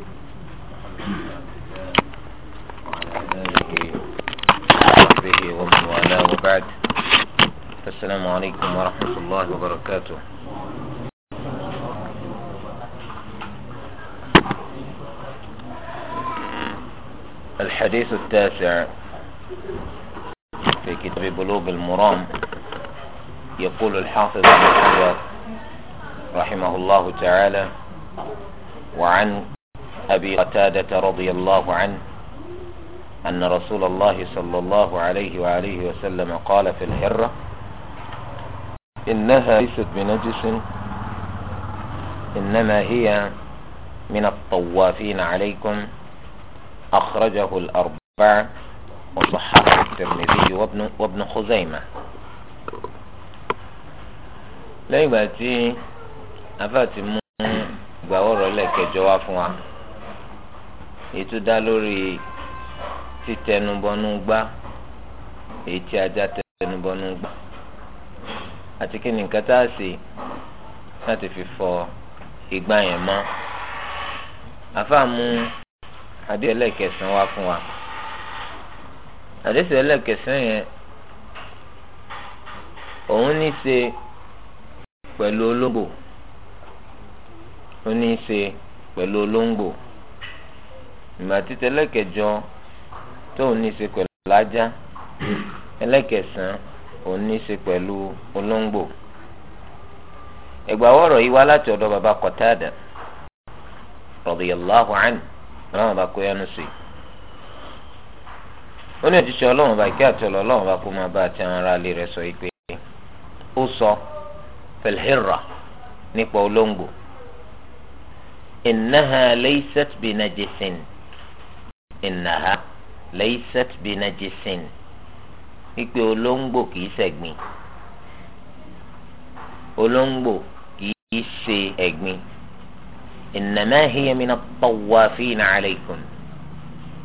وصحبه ومن والاه وبعد السلام عليكم ورحمة الله وبركاته الحديث التاسع في كتاب بلوغ المرام يقول الحافظ ابن حجر رحمه الله تعالى وعن أبي قتادة رضي الله عنه أن رسول الله صلى الله عليه وآله وسلم قال في الحرة إنها ليست بنجس إنما هي من الطوافين عليكم أخرجه الأربعة وصححه الترمذي وابن وابن خزيمة ليباتي تي أفاتي مو gbàwọ́rọ̀ lẹ́ẹ̀kẹjọ wá fún wa èyí tó dá lórí títẹnubọnú gbá èyí tí ajá tẹnubọnú gbá àti kí ni nǹkan tá a ṣe láti fi fọ igbá yẹn mọ́ àfàmù àdéhùn ẹlẹ́kẹsàn-án wá fún wa àdéhùn ẹlẹ́kẹsàn yẹn òun ní í pẹ̀lú olóńgbò ó ní í pẹ̀lú olóńgbò ìmọ̀ títẹ ẹlẹ́kẹjọ tóun ní í ṣe pẹ̀lú ọ̀làjá ẹlẹ́kẹsàn-án òun ní í ṣe pẹ̀lú olóńgbò ẹgbàwọ́rọ̀ yìí wá láti ọ̀dọ̀ baba Qatada radiyallahu anhu ọlọ́run bá kó yánu sí i ó ní òjíṣẹ́ ọlọ́run bá kí àti ọlọ́run bá kó máa bá àti àwọn ará ilé rẹ̀ sọ yìí pé ó sọ filhira nípa olóńgbò innaha laysat binajisin ìnáha laysat binajisin wípé olóńgbò kìí ṣẹ̀gbin olóńgbò kìí ṣe ẹ̀gbin innama hiya mina tawafina alaykum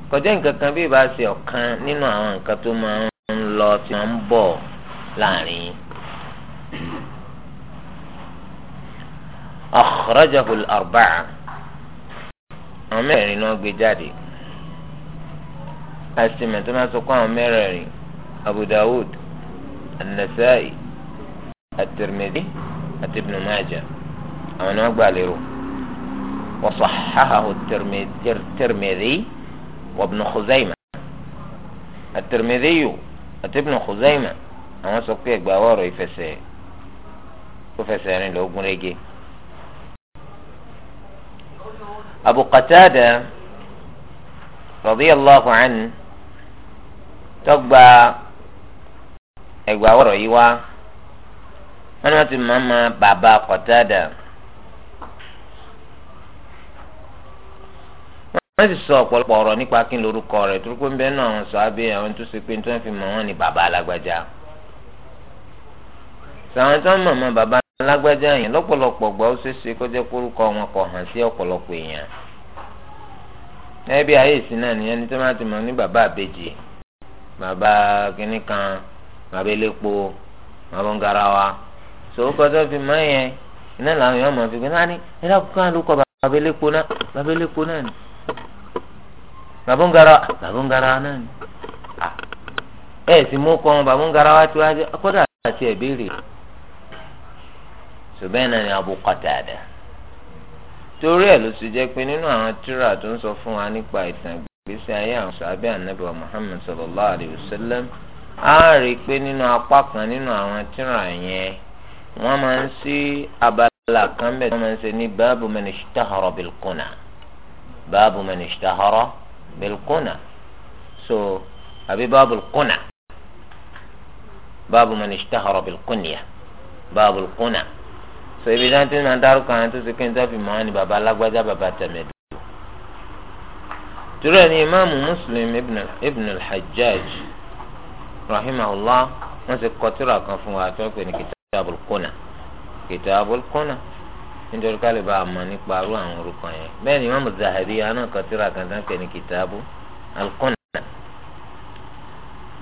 kọjá nǹkan kan bí ìbá ṣe ọ̀kan nínú àwọn nǹkan tó máa ń lọ tí wọ́n ń bọ̀ láàrin yín. akhrajahu al-arba'a àwọn mẹ́rin àtìmẹ̀ tó máa sọ kó àwọn mẹ́rẹ̀ẹ̀rin Abu Dawud An-Nasa'i At-Tirmidhi àti Ibn Majah àwọn ni wọ́n gbà lérò wa sahhahahu At-Tirmidhi wa Ibn Khuzaymah At-Tirmidhi yìí àti Ibn Khuzaymah àwọn sọ pé ẹgbàá ọ̀rọ̀ ìfẹsẹ̀ ìfẹsẹ̀ rìn lóògùn rege. Abu Qatada radiyallahu anhu. tọgba ẹgbà awọrọ yìí wá wọn ti ma bàbá Qatada sọ ọpọlọpọ ọrọ nípa kí n lorúkọ rẹ̀ torí pé ń bẹ́ẹ̀ sọ àwọn tó ṣe pé tí fi alágbájá. sàwọn alágbájá yẹn ó ṣeéṣe kórúkọ wọn hàn sí èèyàn. ẹbí ayé ìsìn náà nìyẹn bàbá kínní kan bàbá elépo bàbá sòwò fi mọ yẹn iná làwọn èèyàn mọ̀ fi gbé náà ní ẹ̀dá kúkú àlù kọ bàbá elépo náà bàbá elépo náà ni bàbá bàbá náà ni ẹ sì torí ẹ̀ ló ti nínú àwọn tó ń fún wa nípa ìtàn gbèsè ayé àwọn sàbẹ ànábì wa Muhammad sallallahu alayhi wa sallam á rí i pé nínú apá kan nínú àwọn tírà yẹn wọ́n máa ń sí abala kan bẹ́ẹ̀ wọ́n máa ń ṣe ní báàbù man ishtahara bilkuna báàbù man ishtahara bilkuna so àbí báàbù kuna báàbù man ishtahara bilkunya báàbù kuna so ibi dáńtí máa dárúkọ kan tó ṣe kí n tó fi mọ́ ọ́ ni baba alágbájá baba tẹ̀mẹ̀dù. torí ẹni imaamu muslim ibn al-hajjaj rahimahullah wọ́n ti kọ tírà kan fún wa tó pè ní kitabul kuna kitabul kuna nítorí ká lè bá a mọ̀ nípa arú àwọn orúkọ yẹn bẹ́ẹ̀ ni imaamu zahabi aná kọ tírà kan tó pè ní kitabu al-kuna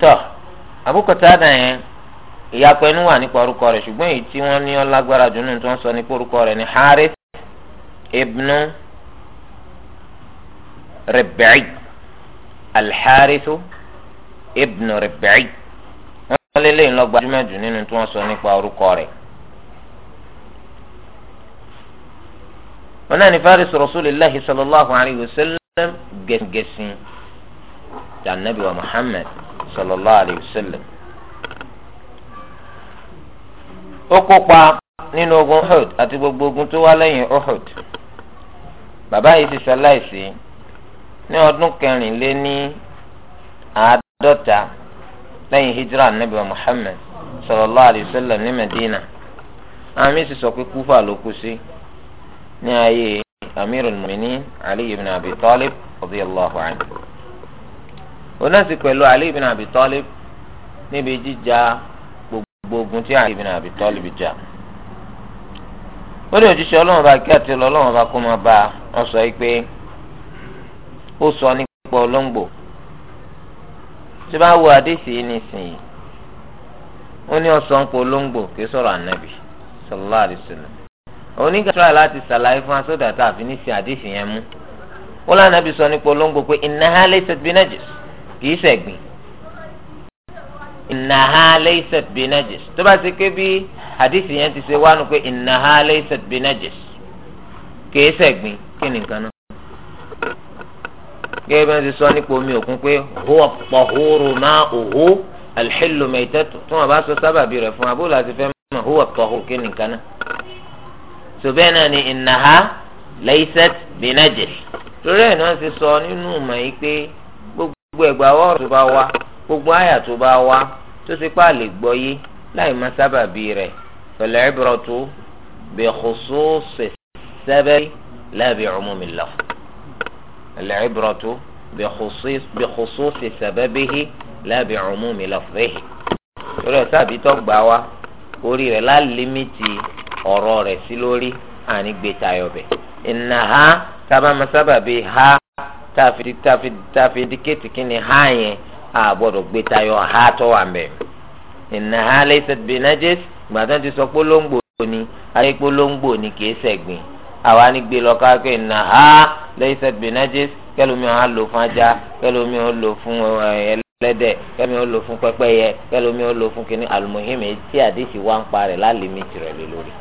tọ́ Abu Qatada yẹn ìyapẹ́ inú wà nípa orúkọ rẹ̀ ṣùgbọ́n èyí tí wọ́n ní ọ́ lágbára jù nínú tí wọ́n sọ nípa orúkọ rẹ̀ ní harith ibnu. ربعي الحارث ابن ربعي wọ́n lé lẹ́yìn lọ́gbà jùmọ̀jù nínú tí wọ́n sọ nípa orúkọ rẹ̀. wọn sallallahu alayhi wa sallam gẹ̀sìngẹ̀sìn dànàbí sallallahu alayhi wa sallam. kópa nínú ogun uhud àti gbogbo uhud. ní ọdún kẹrìnléní àádọ́ta lẹ́yìn hijra nabi muhammed sallallahu alayhi wa sallam ní medina àmì sì sọ pé kúfà ló kú sí ní ayé amirul mu'minin ali ibn abi talib radiyallahu anhu onasi pẹ̀lú ali ibn abi talib níbi jíjà gbogbo ogun tí ali ibn abi talib jà ó lè ojúṣe ọlọ́run bá kí àti ọlọ́run bá kó máa bá wọn sọ yìí pé. ó sọ nípa olóńgbò tí bá wo àdéhìí yìí nísìnyí ó ní ọ̀sán nípa olóńgbò kì í sọ̀rọ̀ ànábì sallallahu alaihi wasallam onígbàtúrà láti sàlàyé fún asọ́dà tá a fi ní sin àdéhìí yẹn mú ó lànà bí sọ nípa olóńgbò pé innaha laysat binajis kì í ṣẹ̀gbin innaha laysat binajis tó bá ti ké bí àdéhìí yẹn ti ṣe wá nu kì í kí gẹ́gẹ́ bí wọ́n ti sọ nípa omi òkun pé huwa at-tahuru ma'uhu al-hillu maytatuhu tí wọ́n bá sọ sábàbí rẹ̀ fún abúlé àti fẹ́ mọ̀ huwa at-tahuru kí nìkan náà. sọ̀bẹ́ náà ni innaha laysat binajis torí ẹ̀ náà ti sọ nínú ìmọ̀ yìí pé gbogbo ẹ̀gbà ọ̀rọ̀ tó bá wá gbogbo àyà tó bá wá tó ti pa lè gbọ́ yé láì má sábàbí rẹ̀ fal-ibratu العبرة بخصوص بخصوص سببه لا بعموم لفظه yọrọ sábì tó gbà wá orí rẹ̀ la límìtì ọ̀rọ̀ rẹ̀ sí lórí àní gbé tayọ bẹ ìnà ha sábà máa sábà bíi ha tàfi tàfi tàfi díkẹ́tì kínní ha yẹn àbọ̀dọ̀ gbé tayọ ha tó wà mẹ́ ìnà ha laysat bi najis gbàdán ti sọ pé lóńgbò ni ayé pé lóńgbò ni kì í ṣẹ̀gbìn àwa ní gbé lọ ha pé nà á lẹ́yìn sẹ́gbẹ̀ nájẹ́ kẹlòmí wọn á lò fún ajá kẹlòmí wọn lò fún eh, ẹlẹ́dẹ̀ kẹlòmí wọn lò fún pẹ́pẹ́yẹ kẹlòmí wọn lò fún kínní àlùmọ́hìmì tí àdéhì wá ń parẹ̀ lálẹ́ méjì rẹ̀ lé lórí.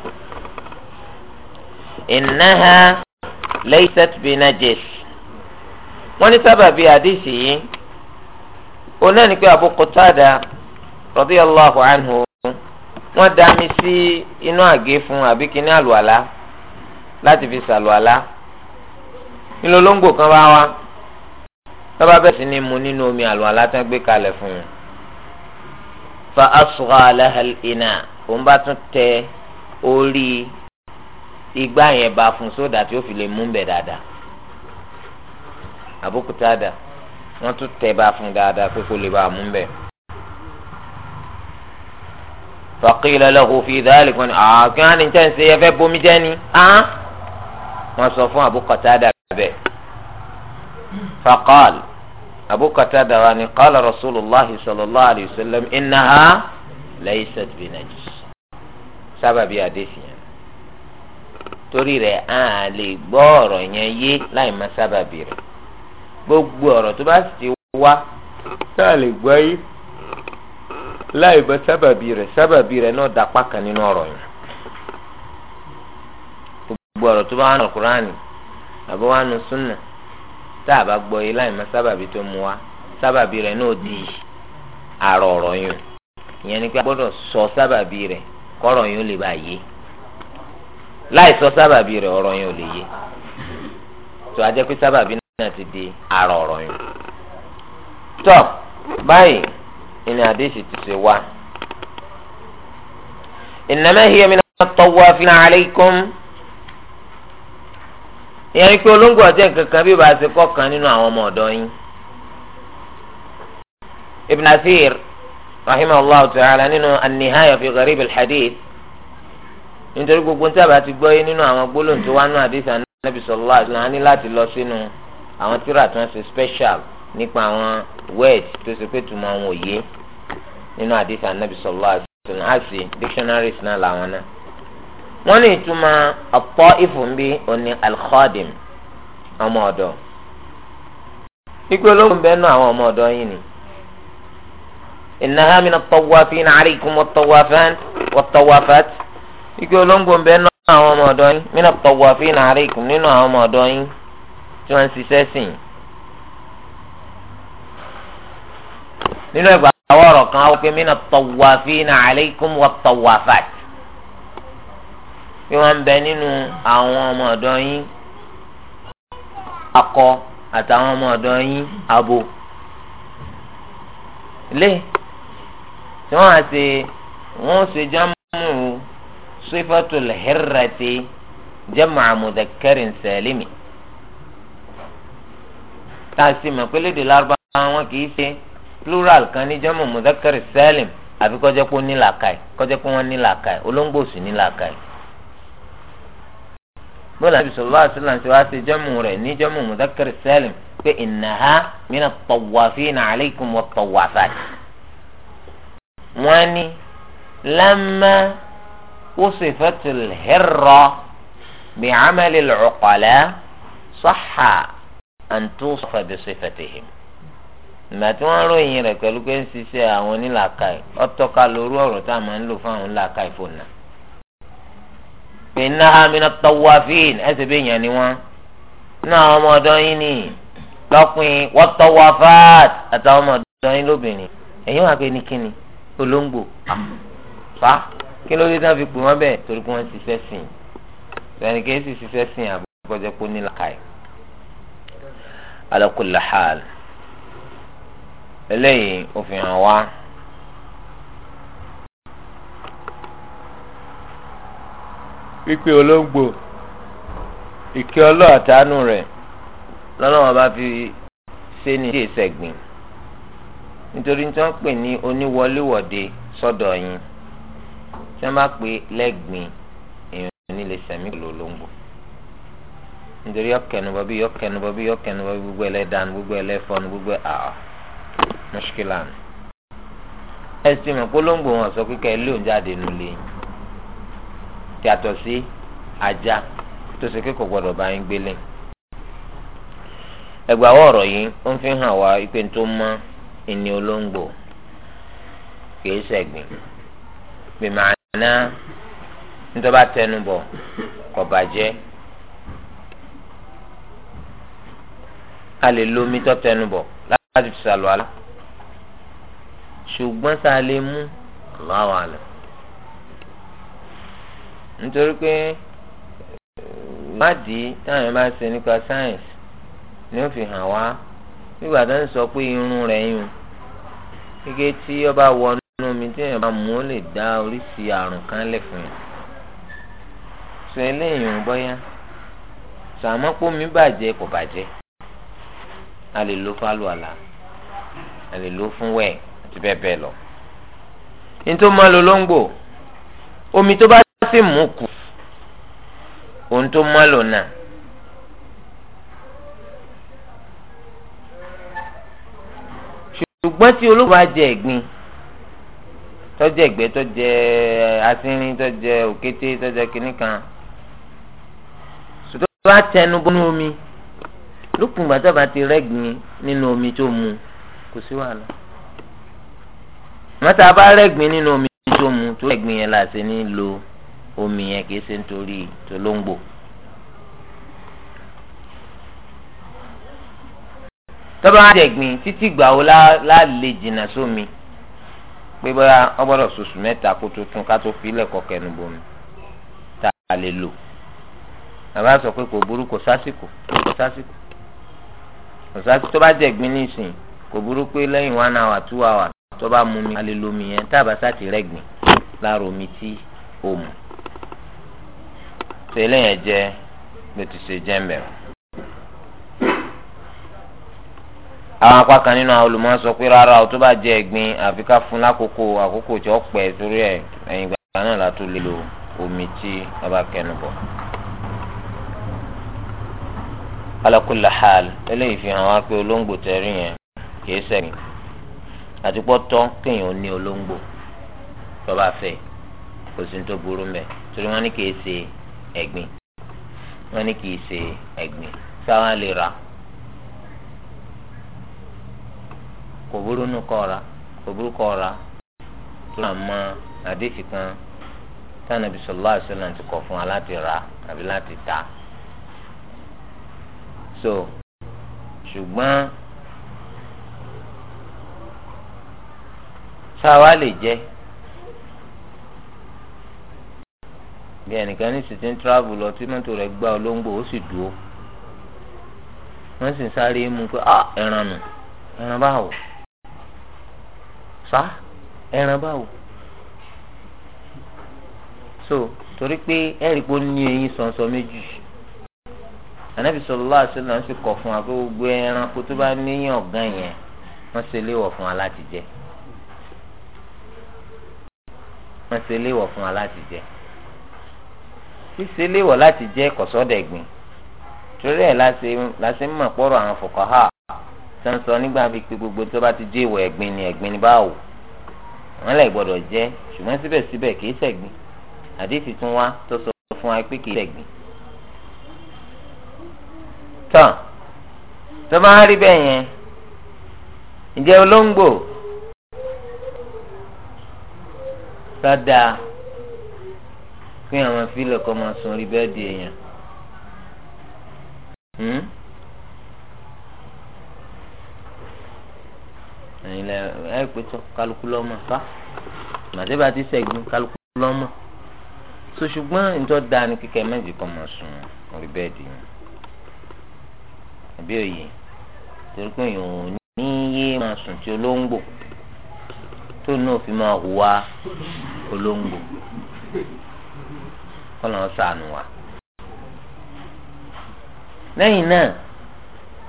ìnáha lẹ́yìn sẹ́gbẹ̀ nájẹ́ wọ́n ní sábàbí àdéhì yìí onáà ní pé Abu Qatada radiyallahu anhu dá mi sí inú àgé fún àbí kínní àlùwàlá. láti fi sàlùwàlá nílò olóńgbò kan bá wá lọ́ba bẹ́ẹ̀ sì ni mu nínú omi àlùwàlá tán gbé kalẹ̀ fún un fa asugha alahal ina òun bá tún tẹ orí igbá yẹn bá fún sódà tí ó fi lè mú bẹ̀ dáadáa àbúkútà dà wọ́n tún tẹ bá fún dáadáa pé kó lè bá a mú bẹ̀. fa qila lahu fi dhalik wọn ni àkànní ah, tẹ́ ń ṣe ẹ fẹ́ bomi jẹ́ ni wọ́n sọ fún Abu Qatada bẹ́ẹ̀ faqal Abu Qatada wa ni qala rasulillah sallallahu alayhi wa sallam innaha laysat binajis sábàbí àdéhìyàn torí rẹ̀ a lè gbọ́ ọ̀rọ̀ yẹn yé láì má sábàbí rẹ̀ gbogbo ọ̀rọ̀ tó bá sì ti wá tá a lè gbọ́ yé láì bọ́ sábàbí rẹ̀ sábàbí rẹ̀ náà dapá kan nínú ọ̀rọ̀ yẹn gbogbo ọ̀rọ̀ tó bá wà nù kúránì àbí wà nù súnà tá a bá gbọ́ yìí láì má sábàbí tó mu wa sábàbí rẹ̀ náà di àrọ̀ ọ̀rọ̀ yìí ìyẹn ni pé a gbọ́dọ̀ sọ sábàbí rẹ̀ kọ́rọ̀ yìí ó lè bá yé láì sọ sábàbí rẹ̀ ọ̀rọ̀ yìí ò lè yé tó a jẹ́ pé sábàbí náà ti di àrọ̀ ọ̀rọ̀ yìí. tọ́ báyìí ìní àdéhìí ti ṣe wá. إنما هي من الطوافين عليكم ìyẹn ni pé olóńgbò ọ̀jẹ̀ nkankan bí ba ṣe kọ́ kan nínú àwọn ọmọ ọ̀dọ́ yín. ibn asir rahimahu allah ta'ala nínú anihaya fi gharib alhadith nítorí gbogbo ntábà ti gbọ́ yé nínú àwọn gbólóhùn tó wá nínú àdìsí anábì sallallahu alaihi wasallam ní láti lọ sínú àwọn tíra tí wọ́n ṣe special nípa àwọn words tó ṣe pé tùmọ̀ àwọn nínú àdìsí anábì sallallahu alaihi wasallam dictionaries náà làwọn náà wọ́n ní ìtumọ̀ ọ̀pọ̀ ìfúnbí òní alkhadim ọmọ ọ̀dọ̀ ikú olóhùn bẹ́ẹ̀ nù àwọn ọmọ ọ̀dọ̀ yìí ni innaha min at-tawwafina alaykum wat-tawwafat wat-tawwafat ikú olóhùn bẹ́ẹ̀ nù àwọn ọmọ ọ̀dọ̀ yìí min at-tawwafina alaykum nínú àwọn ọmọ ọ̀dọ̀ yìí tí wọ́n ń ṣiṣẹ́ sìn. nínú ẹgbàá àwọn ọ̀rọ̀ kan wọ́n pe min at-tawwafina alaykum wat-tawwafat bí wọ́n ń bẹ nínú àwọn ọmọ ọ̀dọ́ yín akọ àtàwọn ọmọ ọ̀dọ́ yín abo lé tí wọ́n á ṣe wọ́n ṣe jámù sifatul hirrati jam'a mudhakkarin salimi tá a sì mọ̀ pé lédè lárúbáwá wọn kì í ṣe plural kan ní jam'u mudhakkar salim àfi kó jẹ́ pé ó ní làákàyè kó jẹ́ pé wọ́n ní làákàyè olóńgbò sì ní làákàyè bọ́lá Ànábì sallallahu alaihi wasallam ti wá ṣe jọ́mù rẹ̀ ní jọ́mù mudhakkar salim pé innaha mina tawafina alaykum wa tawafat. wọ́n ní lamma wasifatul hirra bi'amali al-uqala sahha an tusafa bisifatihim. ìgbà tí wọ́n ròyìn rẹ̀ pẹ̀lú pé ń ṣiṣẹ́ àwọn onílàkàì ọ̀tọ̀ lóru ọ̀rọ̀ tá a máa ń lò fún àwọn onílàkàì fòun náà pé náà mina tawafin ẹsẹ̀ bẹ́ẹ̀ yàn ni wọ́n náà ọmọ ọ̀dọ́ yín ni lọ́kùnrin wọ́n tawafat àtàwọn ọmọ ọ̀dọ́ yín lóbìnrin ẹ̀yin wà pé ní kíni olóńgbò fa kí ló dé náà fi pè wọ́n bẹ́ẹ̀ torí pé wọ́n ń ṣiṣẹ́ sìn ẹnìkan sì ṣiṣẹ́ sìn àbúkọ́jẹ́ pé ní làkàì ala eléyìí òfin hàn wípé olóńgbò ìkẹ́ ọlọ́ọ̀tánú rẹ̀ lọ́nà wọn bá fi ṣe ní ìṣe ìṣẹ̀gbìn nítorí tí wọ́n pè ní oníwọléwọ̀de sọ́dọ̀ yín tí wọ́n bá pè lẹ́gbìn èèyàn ní lè sẹ̀mí pẹ̀lú olóńgbò nítorí ọ̀kẹ́nubọ bí ọ̀kẹ́nubọ bí gbogbo ẹlẹ́dàánu gbogbo ẹlẹ́fọ́nu gbogbo àá mọ́ṣíkìlánù. ẹ mọ̀ pé olóńgbò wọn sọ pé kẹ́ ẹ lé òun jáde nulẹ̀ yín yàtọ̀ sí ajá tó ṣe kékeré gbọdọ̀ bá yín gbélé ẹgbàá ọ̀rọ̀ yìí ó ń fi hàn wá ipe tó mọ́ ìní olóńgbò kìí ṣẹ̀gbìn bìmọ̀ọ́nà nítorí bá tẹnubọ̀ kò bàjẹ́ a lè lomi tó tẹnubọ̀ láti fi ṣàlùwàlá ṣùgbọ́n tá lè mú Allahu alam nítorí pé eh, ìwádìí táwọn yẹn bá ṣe nípa sáyẹ̀nsì ni ó fi hàn wá nígbà tó ń sọ pé irun rẹ̀ yùn gẹ́gẹ́ tí ó bá wọ inú omi tí èèyàn bá mú ó lè dá oríṣi àrùn kan lẹ̀ fún yẹn sọ eléyìí ń bọ́yá sàmọ́pọ̀ mi bàjẹ́ kò bàjẹ́ a lè lo fálù àlà a lè lo fún wẹ̀ àti bẹ́ẹ̀ bẹ́ẹ̀ lọ. ní tó máa lo lóńgbò omi tó bá sì mú kù ohun tó mọ́ lò náà. ṣùgbọ́n tí olóògùn bá jẹ ẹ̀gbin tọ́jú ẹ̀gbẹ́ tọ́jú eh, asínrín tọ́jú òkété tọ́jú kínní kan sùtọ́ bá tẹnu bọ́nú omi lókun gbàtà bá ti rẹ́gbin nínú omi tó mu kò sí wàhálà mọ́tà bá rẹ́gbin nínú omi tó mu tó rẹ́gbin yẹn là ṣe ní lo omi yẹn kìí ṣe nítorí tòlóńgbò. tọ́ba á jẹ̀gbìn títí gbà wo láàlè jìnnà sómi pé bóyá ọgbọ́dọ̀ sọ̀sù mẹ́ta kó tó tún ká tó filẹ̀ kọ̀kẹ́ nu bomi tá a lè lò. bàbá sọ pé kò burú kò sásìkò kò sásìkò kò sásìkò tó bá jẹ̀gbìn nísìn kò burú pé lẹ́yìn one hour two hour tó bá mú mi a lè lo omi yẹn tá a bá sá ti rẹ́gbìn lára omi tí o mú. tó eléyẹn jẹ ló ti ṣe jẹ mẹ. àwọn apá kan nínú àwọn olùmọ sọ pé rárá o tó bá jẹ ẹgbin àfi ká fún lákòókò àkókò tí ó pẹ́ torí ẹ̀ ẹ̀yìn gbàgbà náà la tó omi tí a bá kẹnu bọ̀. ala kulli eléyìí fi hàn wá pé olóńgbò tẹ̀rí yẹn kìí àti kéèyàn ní olóńgbò tó bá kò sí ní tó burú torí ní kìí ṣe ẹ̀gbin wọ́n ní kì í ṣe ẹ̀gbin sáwọn lè ra kò burú nù kọ́ ra kò burú kọ́ ra tó rà mọ́ àdéhìí kan táwọn ibi sọlá àṣọlá ti kọ̀ fún wa láti ra àbí láti ta so ṣùgbọ́n sáwa lè jẹ́. bí ẹnìkan ní sì ti ń travel lọ tí mọ́tò rẹ̀ gbá olóńgbò ó sì dúró wọ́n sì ń sáré mú pé ah ẹran nù ẹran báwo sá ẹran báwo so torí pé ẹ̀rí pé ó ní eyín sọ̀nsọ̀ méjì ànábì sallallahu alaihi wasallam sì kọ̀ fún wa pé gbogbo ẹranko tó bá níyàn ọ̀gán yẹn wọ́n ṣe léwọ̀ fún wa láti jẹ wọ́n ṣe léwọ̀ fún wa láti jẹ ṣíṣe léwọ̀ láti jẹ́ kọ̀sọ́dẹ̀gbìn torí ẹ̀ láṣẹ mọ̀ pọ̀rọ̀ àwọn fòkàhà sọ́nsọ nígbà bíi pé gbogbo tó bá ti jẹ́ ìwọ̀ ẹ̀gbin ni ẹ̀gbin ni báwò wọ́n lè gbọ́dọ̀ jẹ́ ṣùgbọ́n síbẹ̀síbẹ̀ kìí ṣẹ̀gbin àdéhì tún wá tó sọ fún wa pé kìí ṣẹ̀gbin. tán tó bá rí bẹ́ẹ̀ yẹn ǹjẹ́ olóńgbò sọ́dà pé àwọn fílẹ̀ kọ́ máa sun orí bẹ́ẹ̀dì èèyàn. Hmm? ẹ̀yin lẹ ẹ pé tó kálukú lọ́mọ fa màdébà ti sẹ́gun kálukú lọ́mọ so ṣùgbọ́n ntọ́ da ni kíkẹ́ méjì kọ́ máa sun orí bẹ́ẹ̀dì yẹn àbí òye torí pé èèyàn ò ní yé máa sùn tí olóńgbò tó náà fi máa hùwà olóńgbò. kọ́lọ́n sànù wa. lẹ́yìn náà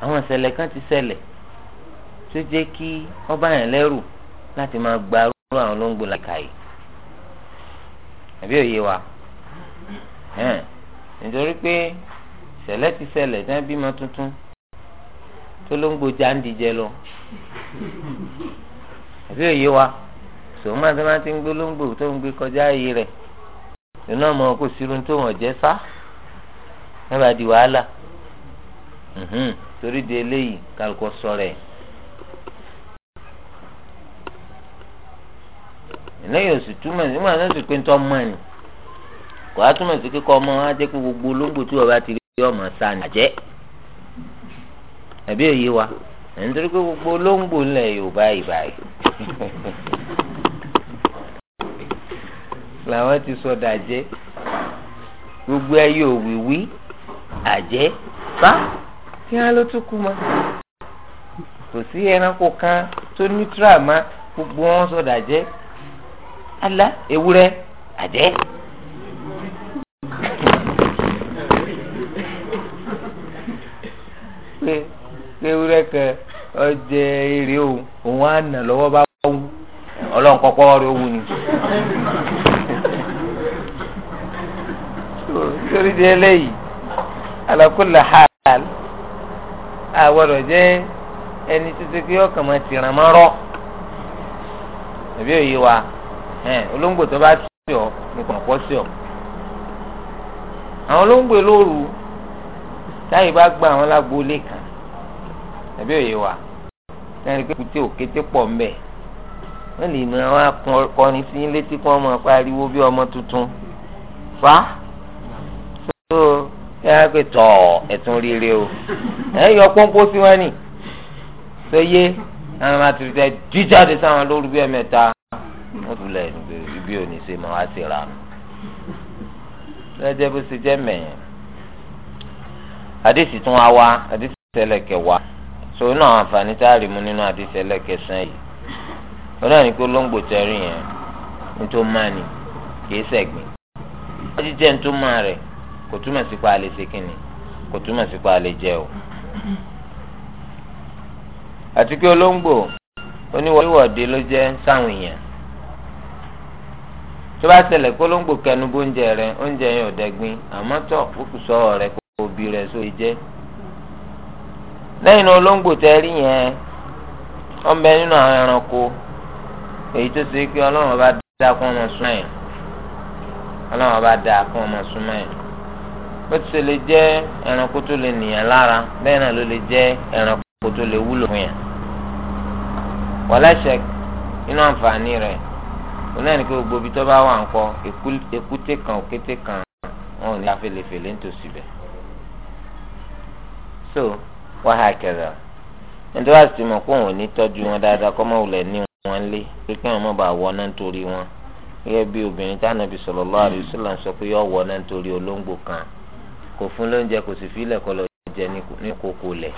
àwọn ìṣẹ̀lẹ̀ kan ti ṣẹlẹ̀ tó jẹ́ kí ọba yẹn lẹ́rù láti máa gba àwọn olóńgbò láìka yìí àbí òye wa nítorí pé ṣẹlẹ̀ ti ṣẹlẹ̀ tí wọ́n bímọ tuntun tó ló ń ń wa sòmọ́ àti máa ti ń gbólóńgbò tó ń gbé kọjá iná mọ kó sírun tó wọn jẹ sá ẹ bá di wàhálà torí de eléyìí kálukọ sọ̀rọ̀ ẹ. lẹ́yìn oṣù túmọ̀ sí wọn àti pé ń tọ́ mọ́ ni kò á túmọ̀ sí kíkọ́ ọmọ á jẹ́ pé gbogbo olóńgbò tí wọ́n bá ti rí ọmọ sá ni àjẹ́ ẹ̀bí òye wa ẹ̀ ń torí pé gbogbo olóńgbò ńlẹ̀ Yorùbá ìbáyìí làwọn ti sọ dàjẹ́ gbogbo ẹ yóò wíwí àjẹ́ bá kí á ló tún kú mọ́ kò sí ẹranko kan tó ní tíráàmà gbogbo wọn sọ dàjẹ́ alá ewúrẹ́ àjẹ́. pé ewúrẹ́ kan ọjẹ́ èrè òun òun á nà lọ́wọ́ bá wù ọlọ́run kọ́kọ́ rẹ̀ wù ni. torí di eléyìí alákòlá hàl àwọ̀dọ̀ jẹ́ ẹni títí pé ọkàn máa ti ràn máa rọ́ ẹ̀bí òye wa olóńgbò tó bá sí ọ nìkan pọ̀ sí ọ. àwọn olóńgbò lóru táyì bá gba àwọn lágbo ilé kan ẹ̀bí òye wa náà ni pé kùtì òkété pọ̀ mbẹ̀ wọ́n lè máa wá kọrin sí létí kí wọ́n máa pariwo bí ọmọ tuntun fa. tó ẹ á pè rírẹ o ẹ yọ pọ́npọ́ sí wọn ni tó yé àwọn àtúntẹ jíjáde sáwọn tún ibi òní ṣe máa wá sí ra nù bó ṣe jẹ́ àdìsí tún wá wá àdìsí so náà àǹfààní tá a rí mu nínú àdìsí ẹlẹ́kẹsàn yìí ọ̀dọ́ lóńgbò yẹn ní tó máa ní kì í ní tó kò túmọ̀ sí pa àlè ṣe kínni kò túmọ̀ sí pa jẹ o. àti pé olóńgbò oníwọ̀dé ló jẹ́ rẹ oúnjẹ yẹn ò dẹ́gbin àmọ́ tó rẹ kó rẹ sóye jẹ́ lẹ́yìn náà olóńgbò rí yẹn wọ́n bẹ nínú àwọn ẹranko èyí tó ṣe pé ọlọ́run bá súnmọ́ yẹn ọlọ́run bá bó ti lè jẹ́ ẹranko tó lè nìyàn lára bẹ́ẹ̀ náà ló lè jẹ́ ẹranko tó lè wúlò fún yàn. wala shak nínú àǹfààní rẹ̀ òun náà ní tó bá wà ń kọ èkúté kan òkété kan wọn ò ní afẹ́lẹ́fẹ́lẹ́ nítòsí bẹ̀. so wọ́n hà kẹ̀rẹ̀ ẹni tó bá sì mọ̀ pé òun ò ní tọ́jú wọn dáadáa kọ́ mọ́ òun lẹ̀ ní wọn lé pé kí wọn mọ̀ bá wọ náà nítorí wọn gẹ́gẹ́ bí obìnrin tí Ànábì sallallahu alaihi wasallam sọ pé yọ wọ náà nítorí olóńgbò kan kò fún lóúnjẹ kò sì filẹ̀ kọ́ lọ jẹ ní kókó lẹ̀.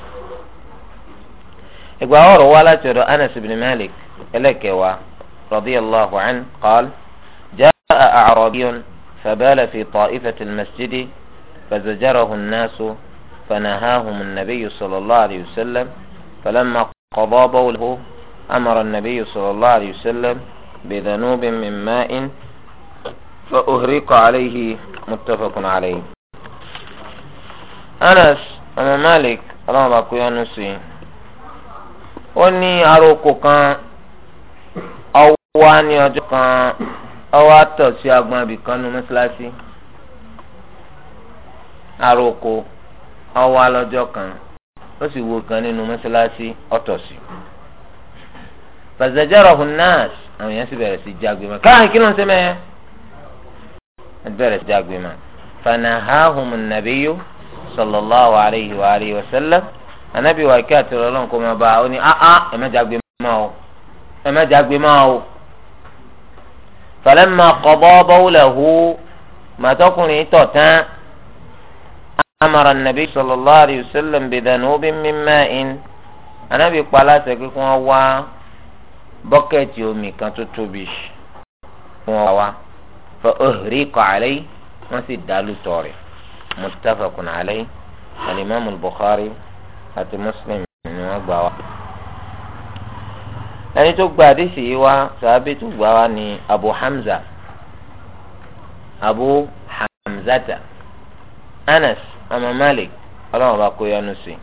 ìgbà ọ̀rọ̀ wa láti ọ̀dọ̀ Anas ibn Malik ẹlẹ́kẹ̀wá radiyallahu an qal jaa a'rabiyun fabala fi ta'ifati al-masjidi fazajarahu an-nasu فنهاهم النبي صلى الله عليه وسلم فلما قضى بوله أمر النبي صلى الله عليه وسلم بذنوب من ماء فأهرق عليه متفق عليه Anas ọmọ Malik ọlọ́run bá kó yọnu sí i ó ní aróko kan ọwọ́ ní ọjọ́ kan ọwọ́ àtọ̀ sí agbọn ibì kan nu mọ́ṣáláṣí aróko ọwọ́ alọ́jọ́ kan ó sì wo kan nínú mọ́ṣáláṣí ọ̀tọ̀ sí fàzẹjọrọ hunas àwọn èèyàn sì bẹ̀rẹ̀ sí jágbe mọ́ káà kí ló ń sẹ́mẹ́ bẹ̀rẹ̀ sí jágbe mọ́ fanahahumun sallallahu alayhi wa alayhi wa sallam anabi wa kí àti ọlọ́run kò máa bá a ó ní ah ah ẹ má jágbe máa o ẹ má jágbe máa o. falamma qada bawlahu màtọkùnrin tọ̀ tán amara nabi sallallahu alayhi wa sallam bidhanubin min ma'in anabi pa aláṣẹ pé kí wọ́n wá bọ́kẹ́tì omi kan tó tóbi fún wa fa uhriqa alayhi wọ́n sì dá lùtọ̀ rẹ̀ muttafaqun alayhi alimami bukhari àti muslim ni wọ́n gbà wá. ẹni tó gba àdìsí yìí wá sàábì tó gbà wá ní abu hamza abu hamzata anas ama malik ọlọ́run bá kó yọnu sí i.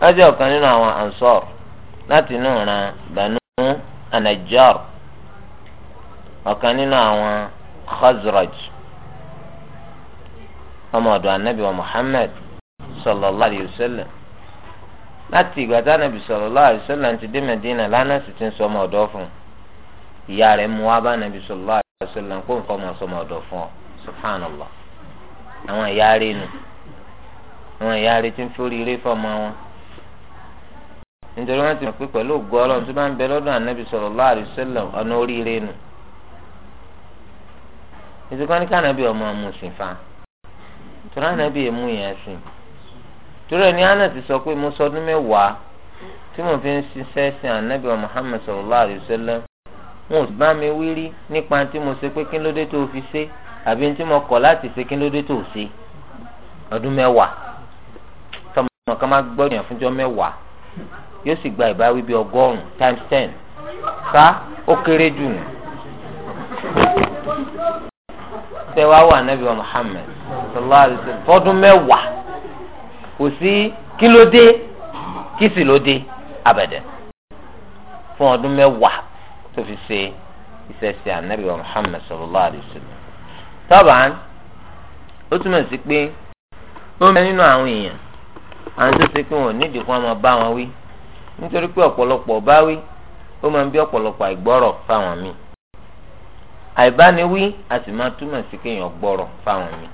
wọ́n jẹ́ ọ̀kan nínú àwọn ansor láti inú ìran banu anajar ọ̀kan nínú àwọn khazraj ọmọ ọ̀dọ̀ anabi wa muhammed sallallahu alayhi wa sallam láti ìgbà tí anabi sallallahu alayhi wa sallam ti dé medina lánàá sì ti ń sọmọ ọ̀dọ̀ fún ìyá rẹ̀ mú wá bá anabi sallallahu alayhi wa sallam kó nǹkan ọmọ sọmọ ọ̀dọ̀ fún ọ subhanallah àwọn ìyá rẹ̀ nù àwọn ìyá rẹ̀ ti ń forí ilé fọmọ wọn nítorí wọn ti mọ̀ pé pẹ̀lú ògo Ọlọ́run tó bá ń bẹ lọ́dọ̀ anabi sallallahu alayhi wa ọ̀nà oríire nù ìsìnkú ní ká anabi ọmọ ọmọ òsìn fa tura nàbí èmú yẹn sìn tura ni Anas ti sọ pé mo sọdún mẹ́wàá tí mo fi ń ṣiṣẹ́ sin anabi wa Muhammad sallallahu alayhi wa sallam wọn ò bá mi wí rí nípa tí mo ṣe pé kí ló dé tó fi ṣe àbí tí mo kọ̀ láti ṣe kí ló dé tó ṣe ọdún mẹ́wàá tọmọ kan máa gbọ́ yẹn fúnjọ́ mẹ́wàá yóò sì gba ìbáwí bíi ọgọ́rùn-ún times ten ká ó kéré jù nù. tẹ́wàá wà anabi wa Muhammad sallallahu alaihi wasallam fọdún mẹ́wàá kò sí kí ló dé kí sì ló dé abẹ́dẹ̀ fún ọdún mẹ́wàá tó fi ṣe ìṣẹ̀ṣẹ̀ ànábì wa Muhammad sallallahu alaihi wasallam tọ́bàn ó túmọ̀ sí pé ó mẹ́ nínú àwọn èèyàn àwọn tó ṣe pé wọn ò nídìí kó wọn wọn wí nítorí pé ọ̀pọ̀lọpọ̀ bá wí ó máa ń bí ọ̀pọ̀lọpọ̀ àìgbọ́rọ̀ fáwọn míì àìbániwí a máa túmọ̀ sí kéèyàn gbọ́rọ̀ fáwọn míì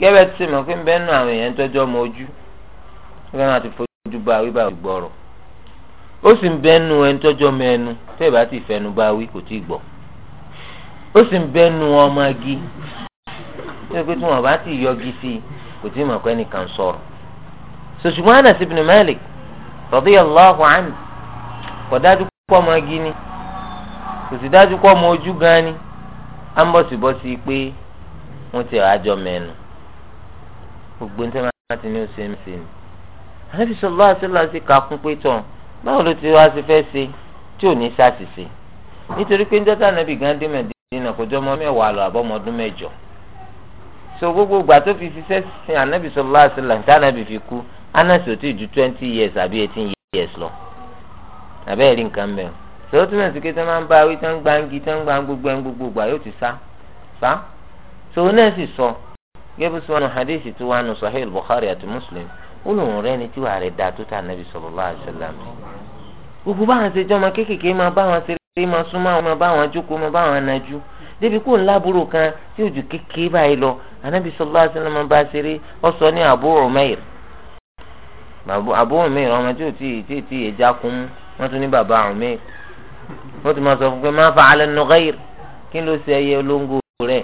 gẹ́gẹ́ tí mo fi ń bẹ́nu àwọn èèyàn tọ́jú ọmọ ojú wọ́n ti fojú bá wí bá wí gbọ́rọ̀ ó sì ń bẹ́nu ẹni tọ́jú ọmọ ẹnu tẹ́ bá ti fẹnu bá wí kò tíì gbọ́ ó sì ń bẹ́nu ọmọ agi tó wọ́n bá ti yọgi sí i kò tíì mọ̀ pé ẹnìkan sọ̀rọ̀ sòṣùgbọ́n Anas ibn Malik radiyallahu anhu kò dájú kọ́ ọmọ ni kò sì dájú kọ́ ni ń pé wọ́n gbogbo ní sẹ́mi láti ní oṣù mc ni. ànábì sallallahu alaihi wasallam sí kakún pé tán báwo ló ti wá sí fẹ́ ṣe tí ò ní ṣàṣìṣe nítorí pé níjọ́ tá ànábì gan kò jọ ọmọ mẹ́wàá lọ àbọ̀ ọmọdún mẹ́jọ. so gbogbo ìgbà tó fi ṣiṣẹ́ sin ànábì sallallahu alaihi wasallam tí fi kú anasi ò tí ju twenty years àbí eighteen years lọ àbẹ́ẹ̀ rí nǹkan mẹ́rin sọ túmọ̀ sí pé tí wọ́n máa ń bá wí tí wọ́n gẹ́gẹ́ sọ ọ́nà hadithi tí wàá nù sahih bukhari àti muslim ó lóun rẹ́ ni tíwà rẹ̀ dáa tó tà nàbì sallallahu alaihi wasallam. gbogbo báwọn ṣe jọ́ ọmọ kéékèèké máa bá wọn ṣeré máa súnmọ́ àwọn máa bá wọn jókòó máa bá wọn najú débi kó ńlá burú kan tí òjò kéékèé báyìí lọ ànábì sallallahu alaihi wasallam bá ṣeré ó sọ ní Abu Umair Abu Umair ọmọ tí ò tí ì tí ì ẹja kún wọn tún ní bàbá Umair wọn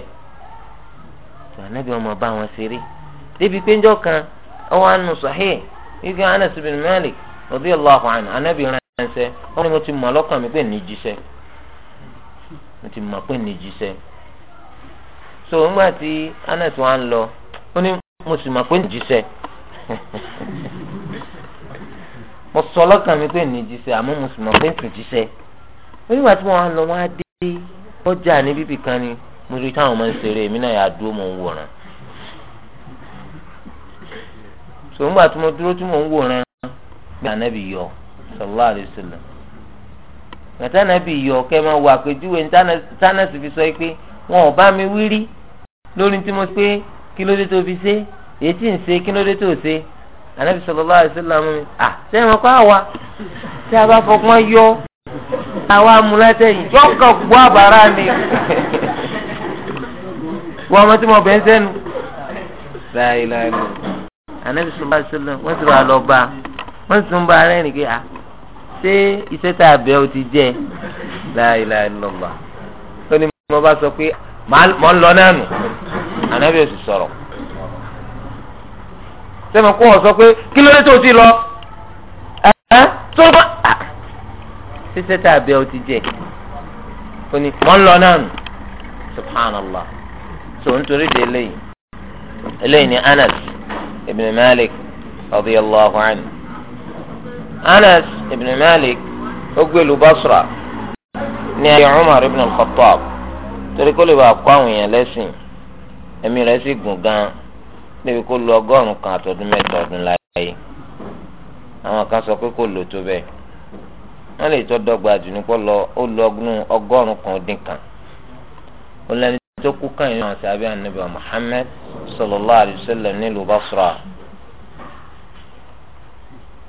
sànàbí ọmọ bá wọn ṣeré débi pé kan ọwọ́ àánú sahih igi anas bin malik radiyallahu anhu anabi ránṣẹ́ wọ́n ní mo ti mọ̀ lọ́kàn mi pé ní mo ti pé so ńgbà tí anas wa lọ ó ní mo sì mọ̀ pé ní mo sọ lọ́kàn mi pé ní jíṣẹ́ mo sì pé onígbà tí mo rí táwọn ọmọ ń ṣeré èmi náà yà dúró mò ń wòran sòmùgbà tí mo dúró tí mò ń wòran gbé ànábì yọ sallallahu alaihi wasallam gbàtà ànábì yọ kẹ́ máa wọ àpèjúwe tánàsì fi sọ pé wọn ò bá mi wírí lórí tí mo pé kí ló dé tó fi ṣe èyí tí ń ṣe kí ló dé tó ṣe ànábì sallallahu alaihi wasallam mi à sẹ́yìn wọn kọ́ àwa tí a bá fọgbọ́n yọ àwa amúlẹ́tẹ̀yìn yọ̀ọ̀kan gbọ́ àbára ni wọ́n ọmọ tí mo bẹ̀ ń sẹ́nu. láyé láyé lọ anabi sọlá sọlá wọ́n ti bá lọ bá wọ́n sì ń bá ara ẹ̀rìn pé à ṣé iṣẹ́ tá a bẹ̀ ọ́ ti jẹ́ láyé láyé lọ bá. ó ní mo bá sọ pé mọ̀ ń lọ náà nù anabi ò sì sọ̀rọ̀. sẹ́mi kó wọ́n sọ pé kí ló dé tó ti lọ ẹ́ tó bá ṣíṣẹ́ tá a bẹ̀ ọ́ ti jẹ́ ó mọ̀ ń lọ náà nù subhanallah. tó nítorí de eléyìí eléyìí ni Anas ibn Malik radiyallahu anhu Anas ibn Malik Basra ayé Umar ibn al torí kó lè kó àwọn lẹ́sìn ẹ̀mí rẹ̀ sì gùn gan kó kan àtọ́dún mẹ́ta ọdún láyé àwọn kan sọ pé lò tó kú kan yìí náà sábẹ́ ànábì sallallahu alayhi wa sallam nílùú Basra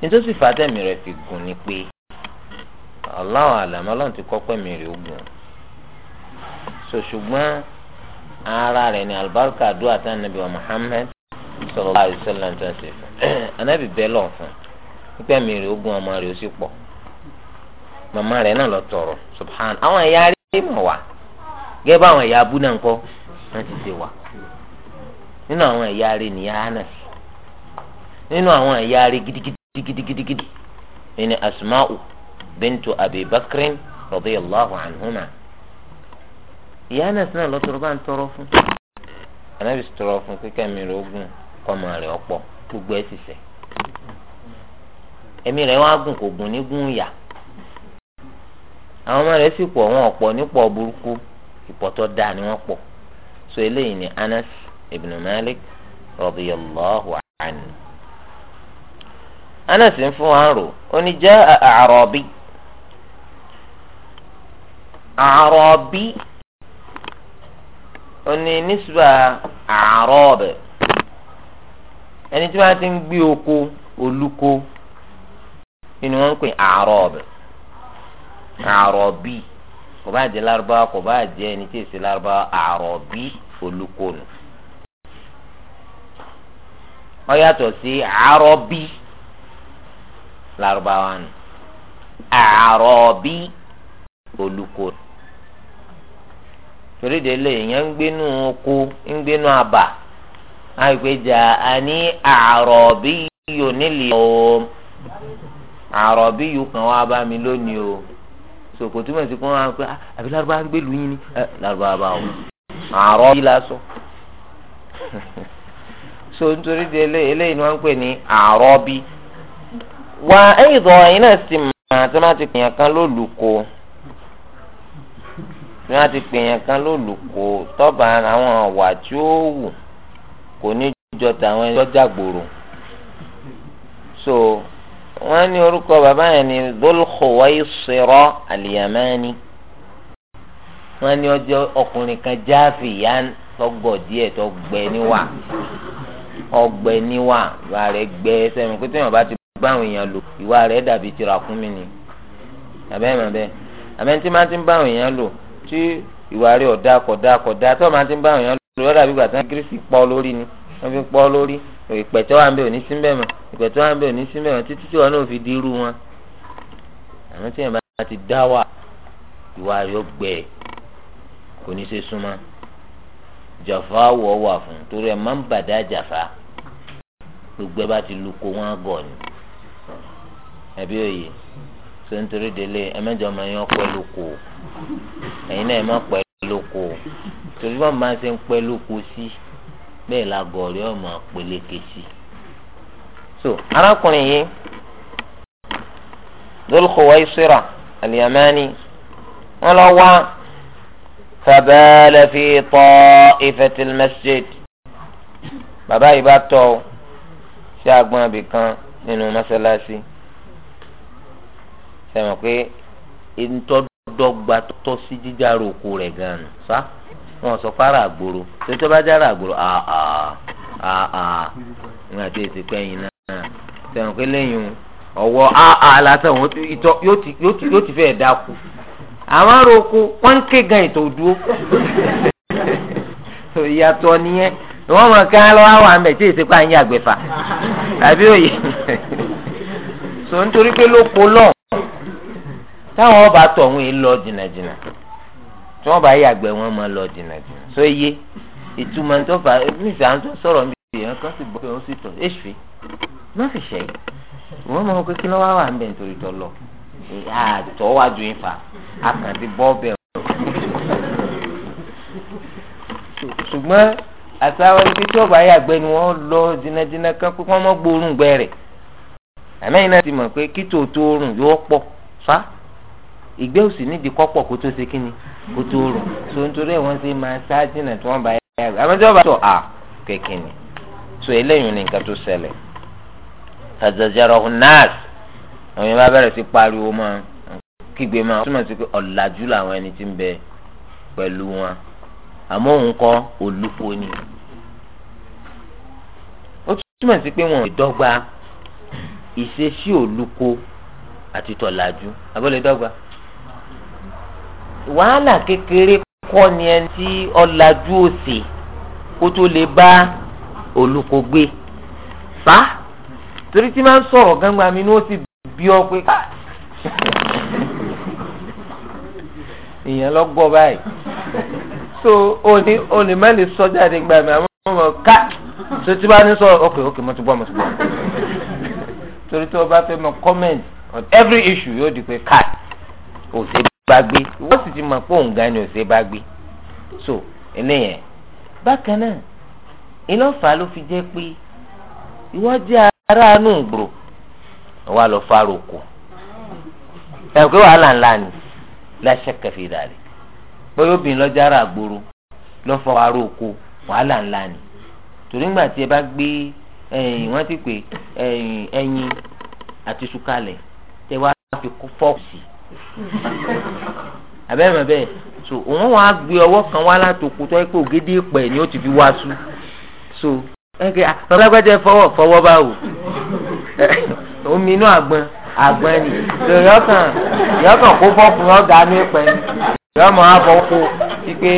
nítòsí rẹ̀ fi gùn ni pé aláwọ̀ àlàmọ́ ti kọ́pẹ́ mi rè so ara rẹ̀ ni albarka àdúrà tá ànábì sallallahu alayhi wa sallam tó ń ṣe fún ànábì bẹ́ẹ̀ mere fún pípẹ́ mi rè gùn ọmọ rẹ̀ lọ tọrọ subhan gẹ́gẹ́ bá àwọn ẹ̀yà abú náà ń kọ́ wọ́n ti ṣe wà nínú àwọn ẹ̀yà rẹ̀ nìyá Anas nínú àwọn ẹ̀yà rẹ̀ gidigidigidigidi ẹni Asma'u bintu Abi Bakrin radiyallahu anhuma ìyá Anas náà lọ́tọ̀rọ̀ bá ń tọrọ fún tọrọ fún kíkẹ́ mi rẹ̀ ogun kọ́mọ rẹ̀ ọ̀pọ̀ gbogbo ẹ̀ sì sẹ̀ ẹ̀mí rẹ̀ wá gùn kò gùn ní gùn yà àwọn ọmọ ìpọ́tọ́ dáa ni wọ́n pọ̀ so eléyìí ni Anas ibn Malik radiyallahu anhu. Anas ń fún wa ń rò ó ní jẹ́ àrọ̀bí àrọ̀bí ó ní nísìbà àrọ̀bẹ̀ ẹni tí wọ́n ti ń gbé oko olùkó ni wọ́n ń pè àrọ̀bẹ̀ àrọ̀bí kò bá jẹ́ lárúbáwá kò bá jẹ́ ẹni tí èsì lárúbáwá àrọ̀bí olùkọ́nù ó yàtọ̀ sí àrọ̀bí lárúbáwá nù àrọ̀bí olùkọ́nù torí délé èèyàn ń gbénú oko ń gbénú àbà àìpéjà àní àrọ̀bí yóò nílì ọ̀ọ́ àrọ̀bí yóò kàn wá bá mi lónìí o so kò túmọ̀ sí kó wọn pé ah, àbí lárúbá ń gbèlú yín ni eh, lárúbá bá wọn àárọ̀ yìí lásán so nítorí di eléyìí ni wọ́n ń pè ní àárọ̀ bí. wà á ìdọ̀ ẹ̀yin náà sì mọ̀ àti má ti pèèyàn kan lólùkọ́ tí wọ́n ti pèèyàn kan lólùkọ́ tọ́ba àwọn ọ̀wà tí ó wù kò ní jọ tàwọn ẹni jàgbòrò so wọ́n ní orúkọ bàbá yẹn ní Dhul-Khuwaysira al-Yamani wọ́n ní ọjọ́ ọkùnrin kan Jafiyan tọgbọ díẹ̀ tọgbẹ níwà ọgbẹ níwà ìwà rẹ̀ gbẹ sẹmi pé téèyàn bá ti bá àwọn èèyàn lò ìwà rẹ̀ dàbí ti ràkúnmí ni àbẹ́rẹ́ mọ̀ bẹ́ẹ̀ àmẹ́ni tí máa ti ń bá àwọn èèyàn lò tí ìwà rẹ̀ ọ̀dà kọ̀dà kọ̀dà tó máa ti ń bá àwọn èèyàn lò lọ́dà bí gbàtà gírísì pọ̀ lórí ni wọ́n fi pọ́ lórí ìpẹ̀tọ́ wa ń bẹ òní sí bẹ́ẹ̀ mọ́ ìpẹ̀tọ́ wa ń bẹ òní sí bẹ́ẹ̀ mọ́ títí tí wọn náà fi di irú wọn. àmọ́ tí yẹn bá ti dá wà ìwà rẹ̀ ó gbẹ kò ní ṣe súnmọ́ jàfá wọ̀ wà fún torí ẹ̀ máa ń bàdá jàfá gbogbo ẹ bá ti lu ko wọn gọ̀ ni ẹbí òye ṣé délé ẹ mẹ́jọ máa yan pẹ́ lóko ẹ̀yin náà ẹ má pẹ́ lóko torí wọn máa ṣe ń pẹ́ lóko sí. Si bẹ́ẹ̀ la gọ̀ọ́rí ọmọ peléke sí so arákùnrin yìí Dhul Khuwaysira al-Yamani wọn lọ wá fabala fi ta'ifatil masjid bàbá yìí bá tọ̀ sí agbọn abìkan nínú mọ́sálásí sẹ́wọ̀n pé ntọ́dọ́gba tọ́ sí jíjà roko rẹ̀ gan-an sá. wọn sọ fara àgbòrò tètè bá jára àgbòrò aa aa wọn àti ètò pẹ́yìn náà pé lẹ́yìn yóò ti fẹ́ dákú àwọn aróko wọ́n ń ké gan ètò òdúró ìyàtọ̀ nìyẹn wọ́n mọ̀ kí lọ́wọ́ àwọn àmì pa tàbí òye so nítorí pé táwọn ọba lọ tí wọ́n bá yàgbẹ́ wọn ma lọ dìnnà dìnnà sọ yé ìtumọ̀ tó fà níta tó sọ̀rọ̀ mi bì yẹn kán sì bọ́ pé wọ́n sì tọ̀ èṣù má fi ṣe wọ́n mọ̀ pé wà ń bẹ̀ nítorí tọ́ lọ wá ju ìfà àkàndí bọ́ bẹ̀ ṣùgbọ́n àtàwọn ibi tí wọ́n bá ni wọ́n lọ pé wọ́n mọ̀ gbóòórùn gbẹ rẹ̀ àmẹ́yìn náà ti mọ̀ pé kó tó rò so nítorí ẹ̀ ṣe máa ṣáájì náà tí wọ́n bá yá rẹ̀ àmọ́ tí wọ́n bá sọ à kékin ni so eléyìí ni nǹkan tó ṣẹlẹ̀ àzàzàrọ̀ nurse àwọn yẹn bá bẹ̀rẹ̀ sí pariwo mọ́ kígbe máa túmọ̀ sí pé ọ̀làjú làwọn ẹni tí ń bẹ pẹ̀lú wọn àmọ́ òun kọ́ olúfo ni ó túmọ̀ sí pé wọn ò dọ́gba ìṣesí olùkọ́ àti tọ̀làjú abọ́lé dọ́gba wàhálà kékeré kọ́ ni ẹni tí ọ̀làjú òsè kó tó lè bá olùkọ́ gbé fa torí tí máa ń sọ̀rọ̀ gangba mi ni ó sì bí ọ pé ká ah! ìyẹn lọ gbọ́ báyìí so òní òní má lè sọ jáde gba mi àwọn ọmọ ká so tí bá ní sọ ok ok mo ti gbọ́ mo ti gbọ́ torí tí wọ́n bá fẹ́ mọ comment on every issue yóò di pé ká ò ṣe bá gbé wọ́n sì ti mọ̀ pé òun gan ni ò ṣe bá gbé so eléyẹn bákan náà iná fà á ló fi jẹ́ pé ìwọ jẹ́ aráàánú gbòòrò wà lọ fárò kù ẹ̀ pé wàhálà ńlá ni láṣẹ kẹfì dàrí bóyá obìnrin lọ́jà ara àgbòrò lọ́fọ̀ aró oko wàhálà ńlá ni torí ńgbà tí ẹ bá gbé wọ́n ti pè ẹyin àti sùkàlẹ̀ tẹ wá fi fọ́ọ̀kì sí i abẹ́ mọ̀ bẹ́ẹ̀ so òun wàá gbé ọwọ́ kan wá látòkù tó yẹ pé ògidì pẹ̀ ni ó ti fi wá sú so ẹ̀kẹ́ ọ̀làgbẹ́jẹ́ fọwọ́ fọwọ́ bá wò omi inú àgbọn àgbọn ni so yọkàn yọkàn kó fọ́ọ̀fù ọ̀gá ní pẹ̀ ni yọmọ afọwọ́kọ wípé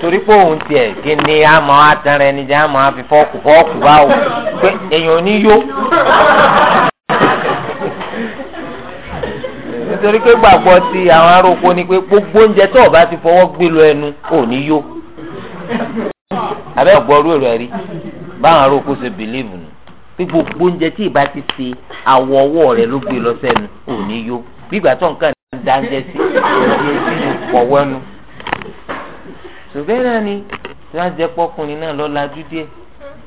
torí pé òun tiẹ̀ kí ni àmọ́ atẹ́rẹ́ ni jẹ́ àmọ́ àfi fọ́ọ̀kù fọ́ọ̀kù báwò pé èèyàn ò ní yó nítorí pé gbàgbọ́ ti àwọn aróko ni pé gbogbo oúnjẹ tó o bá ti fọwọ́ gbé lọ ẹnu ò ní yó abẹ́ ọ̀gbọ́rú rẹ̀ rí báwọn aróko ṣe bìlíìfù nù pé gbogbo oúnjẹ tí ìbá ti ṣe àwọ̀ ọwọ́ rẹ̀ ló gbé lọ sẹ́nu ò ní yó bí ìgbà tó nǹkan ní dáńjẹ́ sí òní etí ní pọ̀wọ́ nu. ṣùgbọ́n náà ni láǹjẹ́ pọ́kùnrin náà lọ́ọ́ lajú díẹ̀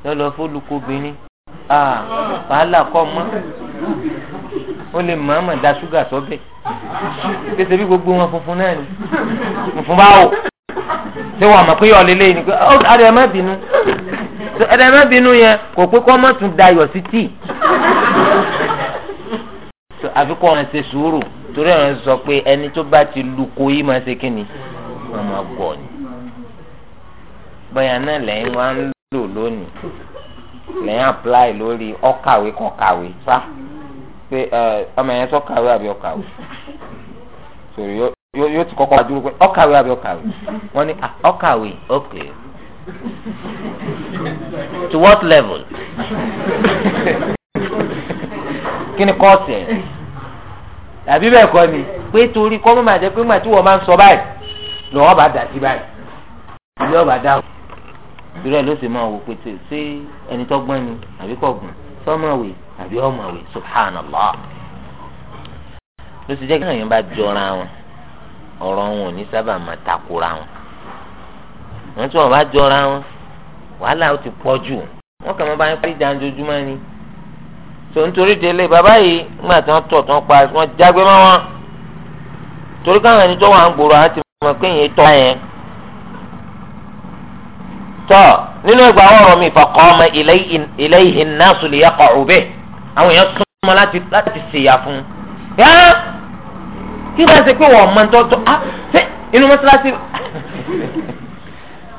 lọ́ọ́ lọ fólukobìnrin ó lè mọ̀ọ́mọ̀ da ṣúgà sọ́bẹ̀ pèsè bí gbogbo wọn funfun náà ni funfun bá wò ṣé wàá mọ̀ pé yọ̀ lélẹ́yìn ni pé ọ̀dà ẹ̀ má bínú ẹ̀dá ẹ̀ má bínú yẹn kò pé kọ́ mọ̀ tún dayọ̀ sí tíì àfi kọ́ ọ̀ràn ṣe sùúrù torí ọ̀ràn sọ pé ẹni tó bá ti lu ko yìí máa ṣe kíni wọ́n máa gbọ́ ni bóyá náà lẹ́yìn wá ń lò lónìí lẹ́yìn apply lórí ọ̀kàwé kọ̀kàwé sáà pé ọmọ yẹn sọ kàwé àbí ọkàwé sori yóò ti kọ́kọ́ adúrú pé ọkàwé àbí ọkàwé wọ́n ní ọkàwé ok to what level kí ni kọ́ọ̀sì ẹ̀ tàbí bẹ́ẹ̀ kọ́ ni pé torí kọ́mọ́ máa jẹ́ pé màá tí wọ́n máa ń sọ báyìí lọ́wọ́ bá dà sí báyìí ilé ọba dáhùn ìrẹ́ ló sì máa wò pé ṣé ẹni tó gbọ́n ni àbí kò gbọ́n sọ́mọ̀ wèé àbí ọ̀mọ̀wé subhanallah ló ti jẹ́ kí àwọn yẹn bá jọra wọn ọ̀rọ̀ wọn ò ní sábà máa takora wọn wọn tí wọn bá jọra wọn wàhálà ó ti pọ̀ jù wọn kàn máa bá yín pé ìjà ojoojúmọ́ ni tó nítorí délé bàbá yìí nígbà tí wọ́n tọ̀ tí wọ́n pa wọ́n jágbé mọ́ wọn torí káwọn ẹni tó wà ń gbòòrò àti mọ̀ pé ìyẹn tọ́ yẹn tọ́ nínú ẹgbàá ọ̀rọ̀ mi faqama ilayhin nasu liyaqa'u bihi àwọn èèyàn súnmọ́ láti láti ṣèyà fún un. yá kí wọ́n ṣe pé wọ́n mọ tọ́tọ́ á ṣe inú mọ́ṣáláṣí.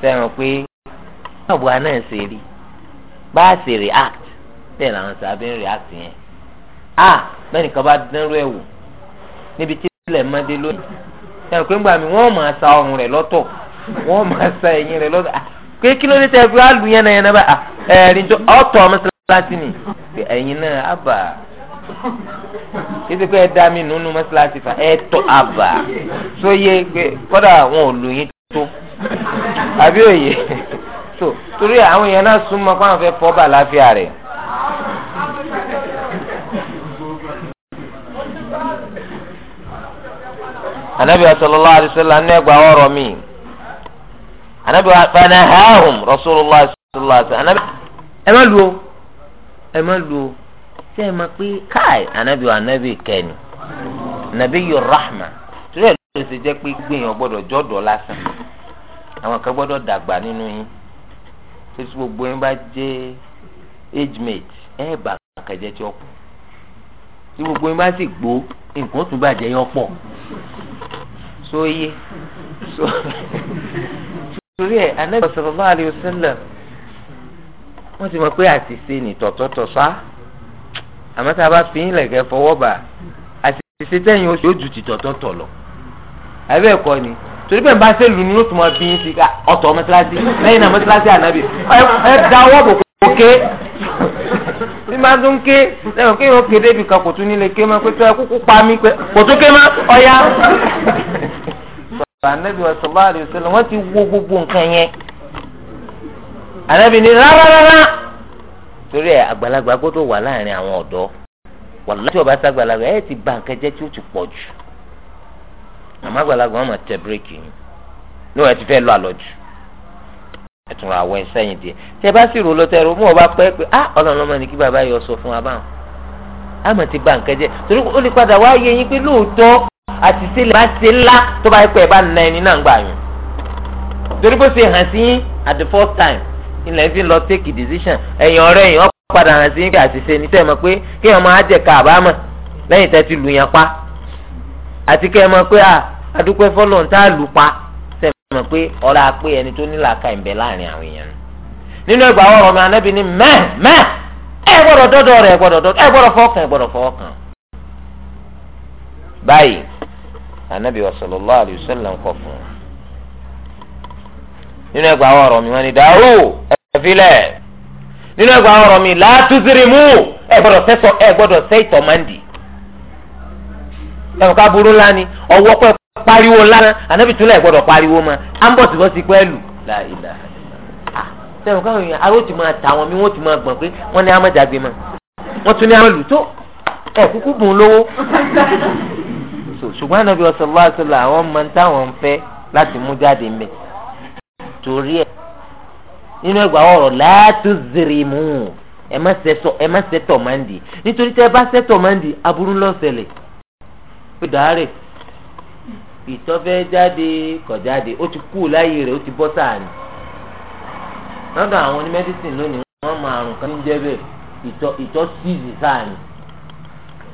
sẹ́wọ̀n pé báwo a náà ṣe rí bá a ṣe react bẹ́ẹ̀ làwọn sábẹ́ ń react yẹn. a ah! bẹ́ẹ̀ nìkan bá dánrú ẹ̀ wò níbi tí ilẹ̀ mọ́dé lónìí. sẹ́wọ̀n pé ńgbà mi wọ́n máa sa ọrùn rẹ̀ lọ́tọ̀ wọ́n máa sa ẹ̀yìn rẹ̀ lọ́tọ̀ ah! pé kí ló dé tẹ́ fi wá lu yẹn náà yẹn náà bá ah! ẹ̀rín tó ọ̀tọ̀ mọ́ṣáláṣí. mọ́sálásí ni ẹ̀yin náà àbà títí pé ẹ dá mi nínú mọ́sálásí fa ẹ tọ́ àbà sóyè pé kọ́dà àwọn olùyìn tó àbí òye tó torí àwọn èèyàn náà súnmọ́ pé àwọn fẹ́ fọ́ bà láfíà rẹ̀. anabi sallallahu alaihi wasallam ní ẹgbàá mi anabi wa fanahahum rasulillah sallallahu alaihi wasallam anabi ẹ lu o. ẹ má lu o ṣé ẹ máa pé káì anabi wa anabi kẹni anabi yọ rahma torí ẹ ló ṣe jẹ́ pé gbìyànjú gbọ́dọ̀ jọdọ lásán àwọn kan gbọ́dọ̀ dàgbà nínú yín gbogbo yín bá jẹ́ age mate ẹ bá kẹjẹ tí ọ̀pọ̀ tí gbogbo yín bá sì gbó nǹkan tún bàjẹ́ yín ọ̀pọ̀ sóyè torí ẹ anabi sallallahu alaihi wasallam. wọ́n ti mọ̀ pé àṣìṣe ní tọ̀tọ̀tọ̀sá àmọ́ tá a bá fi yín lẹ̀kẹ́ fọwọ́ bà àṣìṣe tẹ̀yìn oṣù yóò ju ti tọ̀tọ̀tọ̀ lọ àbẹ́ ẹ̀kọ́ ni torí bẹ́ẹ̀ bá ṣe lù ní lóṣù máa bí yín sí ọ̀tọ̀ mọ́tíláṣí lẹ́yìn náà mọ́tíláṣí ànábì ẹ da ọwọ́ bò kó ké bí máa tún ké lẹ́yìn kí yóò ké débi kan kò tún nílé ké máa pé tó ẹ kúkú pa mí pé kò tún ké má ọ̀ya. ànábì wa sallallahu alaihi wasallam wọ́n ti wo gbogbo nǹkan yẹn anabi ni torí ẹ àgbàlagbà gbọ́dọ̀ wà láàrin àwọn ọ̀dọ́ wàlúwà ọba sàgbàlagbà ẹ ti ba nǹkan jẹ́ tí ti pọ̀ jù àmọ́ àgbàlagbà wọn mà tẹ bírèkì yìí ní wọn ti fẹ́ lọ àlọ jù ẹtùnú àwọ ẹsẹyìn díẹ̀ tí ẹ bá sì rò lọtẹ rò mú ọba pẹ pé ah, ọmọ ni kí bàbá yọ sọ fún wa ti ba nǹkan torí ó lè padà wá pé àti bá ṣe ńlá tó bá bá na ẹni náà gbà ilẹ̀ fi lọ take decision ẹ̀yìn ọ̀rẹ́ yìí wọ́n padà hàn sí àṣìṣe ní sẹ́yìn mọ̀ pé kí ẹ̀ máa jẹ̀ ká àbámọ̀ lẹ́yìn ti lù yàn pa àti kẹ́ ẹ̀ mọ̀ pé à fọ́lọ̀ ń lù pa sẹ́yìn mọ̀ pé ọ̀rẹ́ àpé ẹni tó nílà ká ìbẹ̀ láàrin àwọn èèyàn nínú ẹgbà wọn ọmọ anábì ẹ gbọ́dọ̀ dọ́dọ̀ ẹ gbọ́dọ̀ ẹ gbọ́dọ̀ fún nínú ẹgbàá ọ̀rọ̀ mi wọ́n ní dàrú ẹ̀fílẹ̀ nínú ẹgbàá ọ̀rọ̀ mi látúzìrì mú ẹ gbọ́dọ̀ sẹ́sọ ẹ gbọ́dọ̀ sẹ́ ìtọ̀mọ́ndì. ẹ̀rọ ká burú ńlá ni ọwọ́ pẹ́ pariwo lánàá ànábì tún lẹ̀ gbọ́dọ̀ pariwo mọ́ à ń bọ̀ síbọ̀ sí pẹ́ẹ́lù láìlà. sẹ́wọ̀n káwọn èèyàn aró ti máa tà wọn mi wọ́n ti máa gbọ̀n pé wọ́n ní amájàgbé mọ́ wọ́n tún ní amálù tó ẹ̀ kúkú bùn lówó. ṣùgbọ́n ànábì ọ̀sán lọ́wọ́ làwọn máa ń táwọn fẹ́ láti mú jáde mẹ́ torí ẹ̀ nínú ẹgbàá ọ̀rọ̀ láti zèrè mú ẹ má sẹ́tọ̀ máa ń di nítorí tẹ́ bá sẹ́tọ̀ máa ń di aburú ló ṣẹlẹ̀ pé dàárẹ̀ ìtọ́fẹ́ jáde kọ̀ jáde ó ti kú láyé rẹ̀ ó ti bọ́ sáàrin lọ́dọ̀ àwọn onímẹ́dísìn lónìí wọ́n máa àrùn kan ń jẹ́ bẹ́ẹ̀ ìtọ́ síìzì sáàrin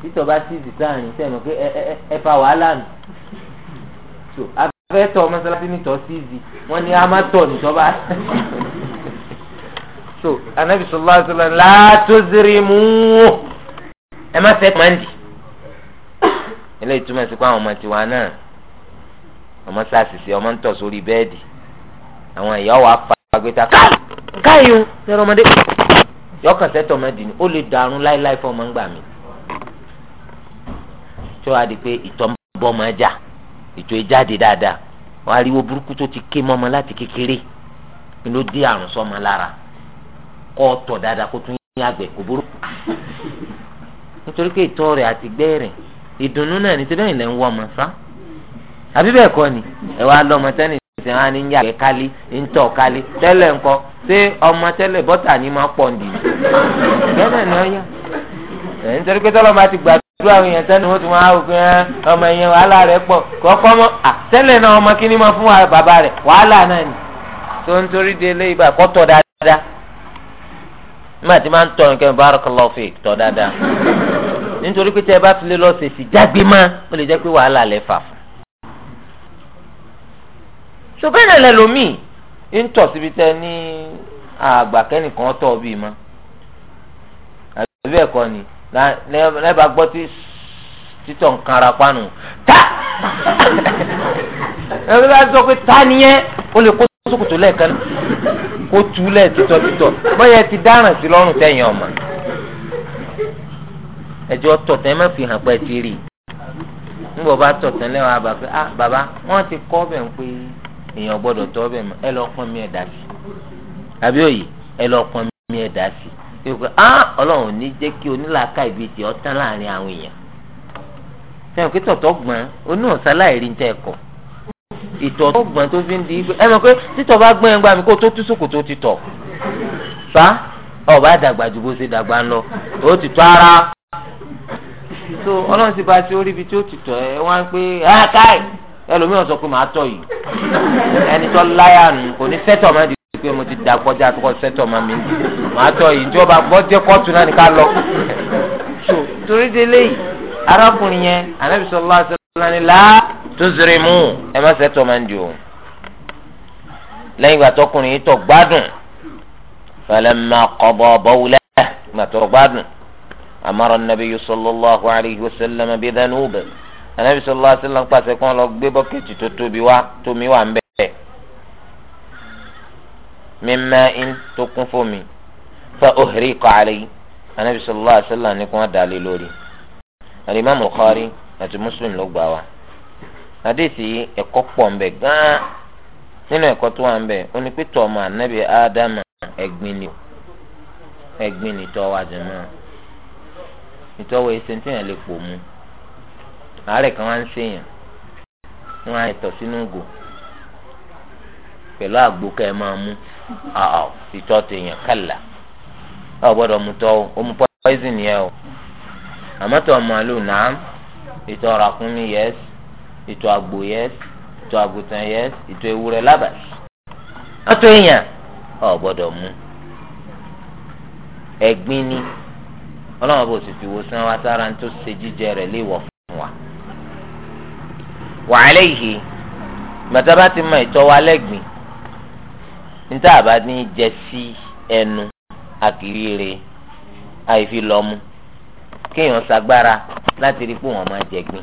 títọ́ bá síìzì sáàrin sẹ́nu pé ẹ ẹ ẹ fa wàhálà nù fẹ́ tọ́ mọ́sálásí nìtọ́ sí ibi wọ́n ní a máa tọ̀ nìtọ́ bá. so anabi sọlá sọlá látòzìrì mú ẹ má fẹ́ kọ́mándì. eléyìí túmọ̀ sí pé àwọn ọmọ tiwa náà ọmọ sàṣìṣe ọmọ ń tọ̀ sórí bẹ́ẹ̀dì àwọn ìyá wa fagbẹ́ta káyọ̀ lẹ́rọ ọmọdé yọkàn sẹ́tọ̀ ọmọdé ni ó lè dàrún láéláé fún ọmọ ń gbà mí. tí wàá di pé ìtọ́ bọ́ máa jà ètò ìjáde dáadáa wọn ariwo burúkú tó ti ké mọ́mọ́ láti kékeré ló dé àrùn sọ́mọ lára kọ́ tọ̀ dáadáa kó tún yín àgbẹ̀ kò burú nítorí pé ìtọ́ rẹ̀ àti gbẹ́rẹ̀ ìdùnnú náà nítorí ẹ̀yìn lẹ́ ń wọ́ ọmọ sá àbí bẹ́ẹ̀ kọ́ ni ẹ wá lọ́mọ tẹ́nì ṣe wá ní yàgbẹ́ kálí ń tọ̀ kálí tẹ́lẹ̀ ńkọ́ ṣé ọmọ tẹ́lẹ̀ bọ́tà ni máa pọ̀ nìyí bẹ́ẹ̀ náà ni ọ yá nítorí pé tọ́lọ́mọ irú àwọn èèyàn sẹ́ni ti máa wò pé eh, ọmọ yẹn wàhálà rẹ̀ pọ̀ kọ́kọ́ mọ́ àtẹ́lẹ̀ náà ọmọ kí ni mo fún bàbá rẹ̀ wàhálà náà tó ń torí de ilé ibà kọ́ tọ̀ dáadáa nígbà tí máa ń tọ̀ nǹkan barakallahu fik tọ̀ dáadáa nítorí pé tẹ́ bá fi lé lọ́sẹ̀ sí jágbe má ó lè jẹ́ pé wàhálà lẹ fà fún. ṣùgbọ́n lẹ́ẹ̀bà gbọ́ tí títọ̀ ń kanra panu tá ẹ̀rọ bá sọ pé tá nìyẹn o lè kó sókòtò lẹ́ẹ̀kan kó túlẹ̀ títọ̀ títọ̀ bóyá ti dáràn sí lọ́rùn tẹ̀yìn ọ̀mà ẹjọ́ tọ̀tẹ̀ má fi hàn pẹ́ ti rí níbo bá tọ̀tẹ̀ lẹ́wọ̀n àbá pé ah bàbá wọ́n ti kọ́ bẹ̀ ń pé èèyàn gbọ́dọ̀ tọ́ bẹ̀ mọ́ ẹ lọ́ọ́ pọ́n mi ẹ̀ dá sí àbí òye ẹ lọ́ọ́ pọ́n mi ẹ̀ dá sí ìpè á ọlọ́run ní jẹ́ kí onílàáká ibi tí ọ tán láàrin àwọn èèyàn sẹ́yìn pé tọ̀tọ̀ gbọ́n onú ọ̀sán láìrí ní ẹ̀kọ́ ìtọ̀ tó gbọ́n tó fi ń di ẹ mọ̀ pé títọ̀ bá gbọ́n ẹ̀ ń gbà mí kó tó tú sòkòtò ti tọ̀ fa ọba dàgbà ju bó ṣe dàgbà ń lọ ó ti tọ́ ara so ọlọ́run ti bá ti ó rí ibi tí ó ti tọ̀ ẹ wá ń pé ẹ káì ẹlòmíràn sọ pé màá tọ̀ yìí ẹni tó láyà nù kò ní sẹ́tọ̀ mọ́ di pé mo ti da kọjá àtúkọ sẹtọ ma mi màá tọ ìjọba gbọjẹ kóòtù náà ní ká lọ so torí délé yìí arákùnrin yẹn anabi sallallahu alaihi wasallam la tuzrimu ẹ má sẹtọ ma ń di o lẹ́yìn ìgbà tọkùnrin yìí tọ gbádùn falamma qada bawla ìgbà tọ gbádùn amara an-nabiyyu sallallahu alaihi wasallam bi dhanubi anabi sallallahu alaihi wasallam pàṣẹ kí wọn lọ gbé bọkẹtì tó tóbi wá tómi wà ń bẹ. mímá in tó kún fómi fa anabi sallallahu alayhi wa sallam ni kò wọ́n dalè lórí alimami àti Muslim ló gbà wá àdéhìí ẹ̀kọ́ pọ̀ nbẹ gán nínú ẹ̀kọ́ tó wà anabi Adama ẹ̀gbin ni ẹ̀gbin ni tọ́ wa jẹ̀ ìtọ́wọ́ ẹsẹ̀ tí yẹn lè pò mu àárẹ̀ kan wá ń wọ́n pẹ̀lú àgbo kẹ́ ẹ máa mú àà ìtọ́ tó yàn kàlà ọ gbọ́dọ̀ mú tọ́ o mú poison yẹ o àmọ́ tó màlúù náà ìtọ̀ ràkúnmí yẹs ìtọ̀ àgbò yẹs ìtọ̀ àgùntàn yẹs ìtọ̀ ewúrẹ́ lábàs ọtọ èèyàn ọ gbọ́dọ̀ mú ẹ̀gbin ni ọlọ́run bò sì fi wòsàn wa sára tó ṣe jíjẹ rẹ̀ léèwọ̀ fún wa wàhálà ìhè gbàtà bá ti mọ ìtọ̀ wa lẹ́gbìn níta àbá ní jẹ sí ẹnu àkìrìrè àìfi lọ́mú kéèyàn sagbára láti rí pé wọ́n máa jẹ gbin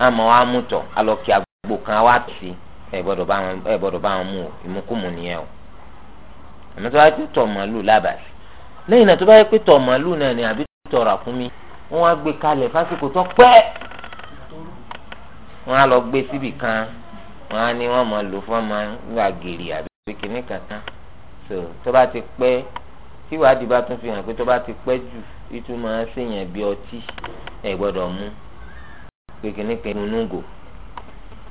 àmọ́ wa mú tọ̀ àgbo kan wá sí ẹ gbọ́dọ̀ bá wọn mú o ìmúkùmù nìyẹn o àmọ́ tó bá yẹ pé màálù lábàásì lẹ́yìn náà tó bá yẹ pé tọ̀ màálù náà ni àbí tọ̀ ràkúnmí wọ́n wá gbé kalẹ̀ fásitì tó pẹ́ wọ́n á lọ gbé síbì kan wọ́n á ní wọ́n máa lò fún ọmọ àgèrè àbí kìíní kàtán so tó bá ti pẹ́ tí ìwádìí bá tún fi hàn pé tó bá ti pẹ́ jù ìtú máa ṣèyàn bí ọtí ẹ gbọ́dọ̀ mú pé kìíní kẹnu núgò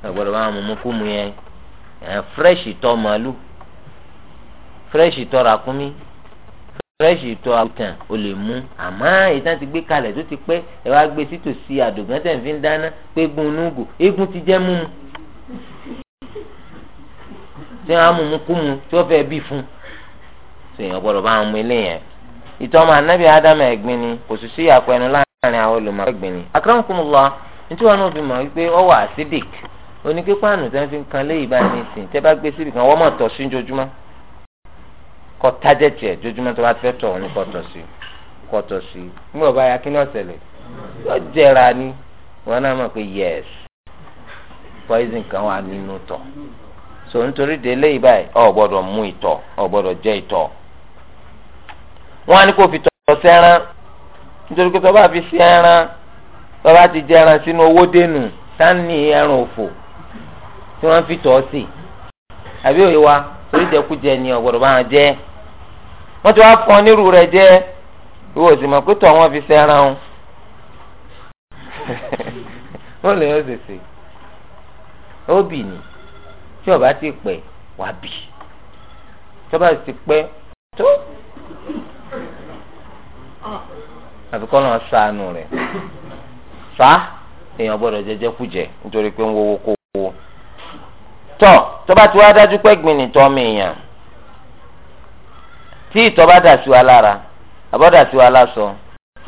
ẹ gbọ́dọ̀ bá mú mú fún mu yẹn fírẹ́ṣì tọ́ màálù fírẹ́ṣì tọ́ ràkúnmí fírẹ́ṣì tọ́ àgùntàn o lè mú àmọ́ ìtàn ti gbé kalẹ̀ tó ti pẹ́ ẹ wá gbé sítòsí àdògán tẹ̀ ń fi ń dáná pé egun núgò egun ti jẹ́ múmu tí wọn á mú mú kú mu tí wọn fẹẹ bí fún tó èèyàn gbọ́dọ̀ bá wọn mú ilé yẹn ìtọ́mọ anábì ádámù ẹ̀gbin ni kò sì sí àpẹnu láàrin àwọn olùmọ̀ ẹ̀gbin ni. akramakumullah nítorí wọn náà fi mọ̀ wípé ó wà acidic onípípa àná tí wọn fi ń kan léyìí báyìí ní ìsìn tẹ́ bá gbé síbì kan wọ́n mọ̀ tọ̀ sí jojúmọ́ kọ́ tájẹ̀tì jojúmọ́ tó bá fẹ́ tọ̀ ọ́ ní kọ́ sí kọ́ sí nígbà bá ya kí ni ọ̀sẹ̀lẹ̀ yóò jẹra ni wọn náà mọ̀ pé yes poison kan wà nínú tọ̀ so nítorí délé yìí báyìí ọ gbọdọ mú ìtọ̀ ọ gbọdọ jẹ ìtọ̀ wọn á ní kó fi nítorí pé fi sí ẹran ti jẹ sínú owó dénú tání ẹran òfò tí fi sí àbí òye wa torí ni ọ gbọdọ bá wọn jẹ wọ́n ti wá fún nírú rẹ̀ jẹ́ ìwọ sì mọ̀ pé tọ̀ o lè yọ tí ọba ti pẹ́ wàá bì tọ́ba ti pẹ́ tó àfi kọ́ lọ́n sànù rẹ̀ fa èèyàn gbọ́dọ̀ jẹjẹ kújẹ nítorí pé ń wọ́wọ́ kó wọ́ tọ́ tọ́ba ti wá dájú pé gbìn nìtọ́ mi yàn tí ìtọ́ bá dà sí wa lára àbọ̀dà sí wa lásọ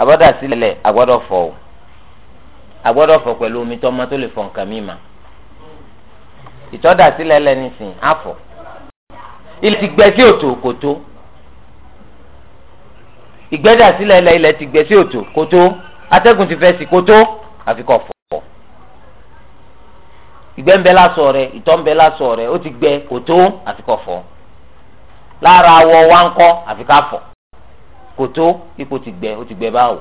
àbọ̀dà sílẹ̀ àgbọ́dọ̀ fọ̀ o àgbọ́dọ̀ fọ̀ pẹ̀lú omi tọ́ ọmọ tó lè fọ̀ nǹkan míì ìtọ́dà sílẹ̀ lẹ́ni sìn àfọ̀ ilẹ̀ ti gbẹ sí òtò kòtó ìgbẹ́dà sílẹ̀ lẹ́ ilẹ̀ ti gbẹ sí òtò kòtó atẹ́gùn ti fẹ́ sí kòtó àfikọ́ fọ̀ ìgbẹ́ ń bẹ lásọ rẹ ìtọ́ ń bẹ lásọ rẹ ó ti gbẹ kòtó àfikọ́ fọ̀ lára awọ wa ń kọ́ àfikọ́ fọ̀ kòtó ipò ti gbẹ ó ti gbẹ báwò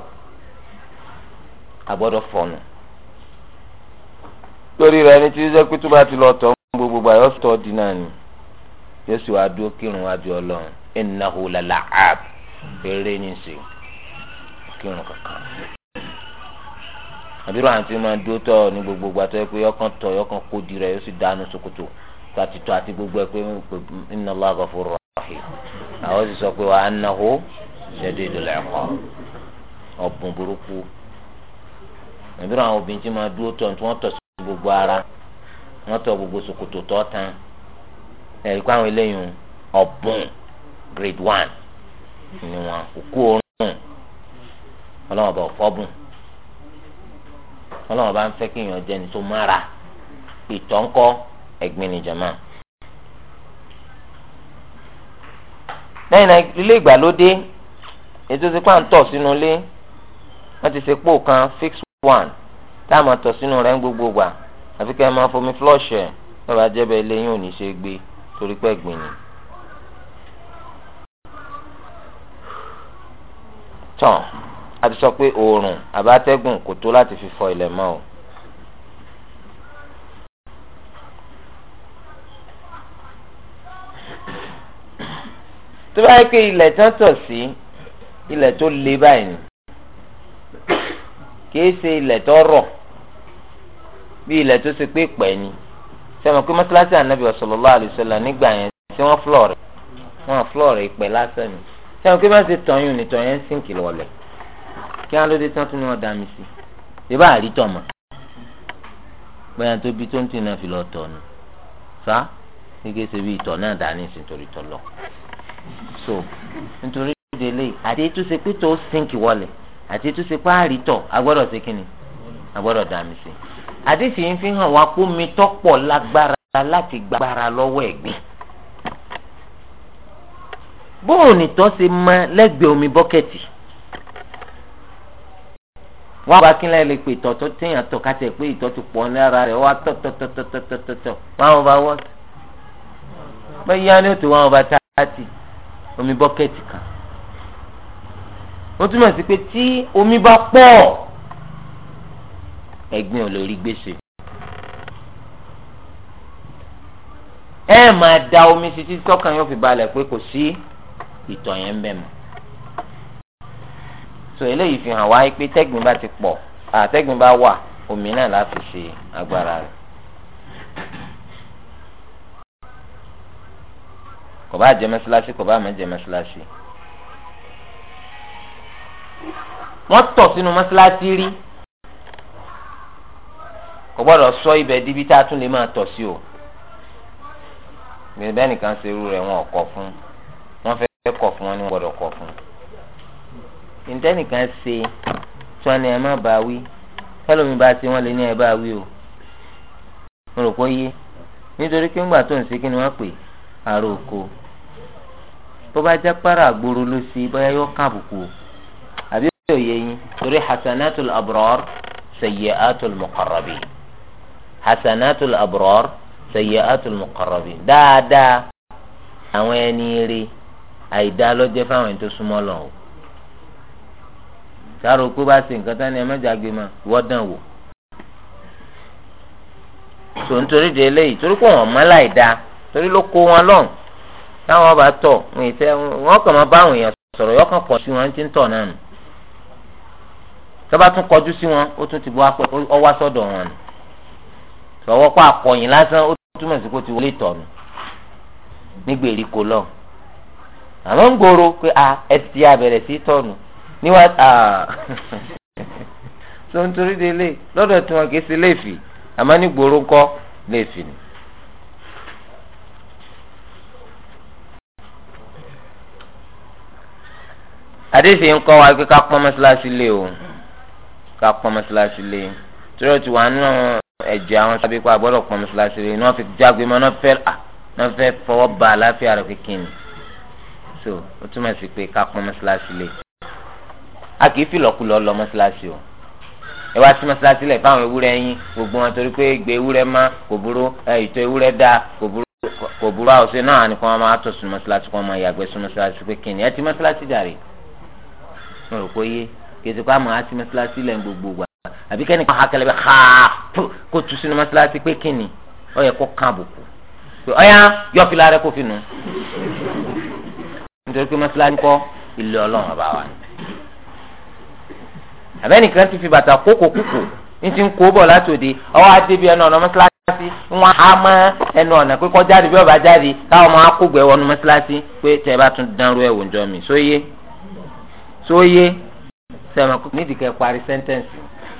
àgbọ́dọ̀ fọ̀nù torí rẹ ní tí sẹ́kútù bá ti lọ tọ́ gbogbo ayọ sọ di náà ni Jésù wa kírun wájú Ọlọ́run innahu la la'ab eré ní sè kírun kankan àbúrò àǹtí máa dúró tọ ní gbogbo gbàtọ pé ọkàn tọ kó di rẹ yóò sì dánú sokoto láti tọ àti gbogbo ẹ pé inna àwọn sì sọ pé burúkú obìnrin tí dúró tọ tí sí gbogbo ara. wọ́n tọ gbogbo ṣòkòtò tọ́ tán ẹ̀rí àwọn eléyìí grade one ni wọn òkú oorun ọlọ́wọ́n bá ọ̀fọ́bùn ọlọ́wọ́n bá ń fẹ́ kí èèyàn jẹni tó mára ìtọ́ńkọ́ ẹ̀gbin nìjọba. lẹ́yìn ilé ìgbàlódé ètò ti pa ń kan fix one táwọn tọ̀ sínú rẹ̀ ń àfi kẹ́ ẹ máa fomi flush ẹ̀ bàbá jẹ́bẹ̀ eléyìn ò ní ṣe gbé torí pẹ́ gbìn ni. tán a ti sọ pé oòrùn àbátẹ́gùn kò tó láti fi fọ ilẹ̀ mọ́ o. tó bá yẹ pé ilẹ̀ tán tọ̀ sí ilẹ̀ tó le báyìí kì í ṣe ilẹ̀ tó rọ̀ bí ilẹ̀ tó ṣe pé pẹ̀ ni sẹ́wọ̀n pé mọ́tíláṣí ànábì sallallahu alaihi wasallam nígbà yẹn tí wọ́n fúlọ̀ rẹ̀ wọ́n fúlọ̀ rẹ̀ ìpẹ́ lásán ni sẹ́wọ̀n pé bá ṣe tọ̀yún ni tọ̀yún ń sìnkì lọ́lẹ̀ kí á ló dé tán tún ní wọ́n dá mi sí i bá àrí tọ̀ mọ́ bóyá tó bí tó ń tún iná fi lọ tọ̀ ni fa gẹ́gẹ́ ṣe bí ìtọ̀ náà dání sí torí tọ̀ lọ so nítorí délé àti ètò ṣe pé tó sìnkì wọlẹ̀ àti ètò ṣe pé àrí agbọ́dọ̀ ṣe kíni agbọ́dọ̀ dá mi sí i àdìsí yìí fi hàn wá pé omi tọ́pọ̀ lágbára láti gbára lọ́wọ́ ẹ̀gbìn bóun nìtọ́ ṣe mọ lẹ́gbẹ̀ẹ́ omi bọ́kẹ́tì wọ́n bá kí lẹ́yìn lè pè tọ̀tọ̀ téèyàn tọ̀ ká tẹ̀ pé ìtọ̀ pọ̀ lára rẹ̀ wá tọ̀ tọ̀ tọ̀ tọ̀ tọ̀ tọ̀ tọ̀ tọ̀ one over what bẹ́ẹ̀ yá ni ó tó one over thirty omi bọ́kẹ́tì kan ó túmọ̀ sí pé tí omi bá pọ̀ ẹ̀gbin ò lè rí gbèsè. ẹ máa da omi títí tọkàn yóò fi balẹ̀ pé kò sí ìtọ̀ yẹn bẹ̀ mọ́. sọ eléyìí fi hàn wá pé tẹ́gbin bá ti pọ̀ àtẹ́gbin bá wà omi náà láti ṣe agbára rẹ̀. kò bá jẹ́ mẹ́sàlásì kò bá má jẹ́ mẹ́sàlásì. wọ́n tọ̀ sínú mẹ́sàlásì rí kò gbọ́dọ̀ sọ ibẹ̀ dibi tá a tún lè máa tọ̀ sí o bẹ́ẹ̀ nìkan ṣe irú rẹ̀ wọn ò kọ̀ fún wọn fẹ́ kọ̀ fún wọn ni wọn gbọ́dọ̀ kọ̀ fún. ìtẹ́nìkan ṣe tí wọn ní ẹ má bá wí tẹ́lómi bá ṣe wọn lè ní ẹ bá wí o mo rò pé yé nítorí pé ńgbà tó ń ṣe kí ni wọ́n pè àrò oko tó bá jẹ́ pàrọ̀ àgbòrò ló ṣe bóyá yóò kàn àbùkù o àbí òye yín torí hasanatul abrar sayyiatul muqarrabin hasanatul abrar sayyiatul muqarrabin dáadáa àwọn ẹni rí àìdá lọ́jẹ́ fáwọn ẹni tó súnmọ́ lọ o sáré okú bá ṣe nǹkan tán ni ẹ mẹ́jà gbé ma wọ́dàn wò tò ń torí de eléyìí torí kò wọ́n mọ́ láì dáa torí ló kó wọn lọ́n táwọn bá tọ̀ wọ́n kàn máa bá àwọn èèyàn sọ̀rọ̀ yọ kàn pọ̀ sí wọn ti ń tọ̀ náà nù tọ́ba tún kọjú sí wọn ó tún ti bọ́ ọwá sọ́dọ̀ wọn nù tọwọ́ pa àkọyìn lásán ó túmọ̀ sí kó ti wọlé tọ̀nù ní gbèríko lọ àmọ́ ń gbòòrò pé a ẹ ti abẹ̀rẹ̀ sí tọ̀nù níwá tó ń torí délé lọ́dọ̀ tí wọn kì í ṣe léèfì àmọ́ ní gbòòrò ńkọ́ léèfì ni. àdéhìí ń kọ́ wa pé ká pọ́n mọ́ṣáláṣí lé o ká pọ́n mọ́ṣáláṣí lé o torí o ti wà nínú ẹ̀jẹ̀ àwọn sábẹ́ pa àgbọ̀dọ̀ pọ̀ mọ́ṣáláṣí rẹ̀ ni wọ́n fi jágbe mọ́ náà fẹ́ náà fẹ́ fọwọ́ ba àlàáfíà rẹ̀ kékeré so ó túmọ̀ sí pé ká pọ́n mọ́ṣáláṣí lé a kì í fi lọ́kùlọ́ lọ mọ́ṣáláṣí o ẹ wá sí mọ́ṣáláṣí lẹ̀ fáwọn ewúrẹ́ yín gbogbo wọn torí pé gbé ewúrẹ́ má kò burú ìtọ́ ewúrẹ́ dáa kò burú kò burú àwọn ṣe náà ni kò máa tọ̀ sí mọ́ṣáláṣí kò máa yàgbẹ́ àbí kẹ́ni kan hakẹ́lẹ́ bẹ́ẹ̀ xaa kó tu sínú mọ́sálásí pé kíni ó yẹ kó kàn àbùkù pé ọ̀yá yọ fìlà rẹ kó fi nù. nítorí pé mọ́sálásí kọ́ ilé ọlọ́run ọba wa ni. àbẹ́nìkan ti fi bàtà kókò kúkò ní ti ń kó bọ̀ látòde ọwọ́ àti ibi ẹnu ọ̀nà mọ́sálásí wọn á mọ ẹnu ọ̀nà pé kọ́ jáde bí ọba jáde káwọn máa kó gbẹ wọnú mọ́sálásí pé tẹ bá tún dánrú ẹ̀wò ńjọ mi sóyé sóyé sẹ́wọ̀n nídìí kẹ́ parí sẹ́ńtẹ́ǹsì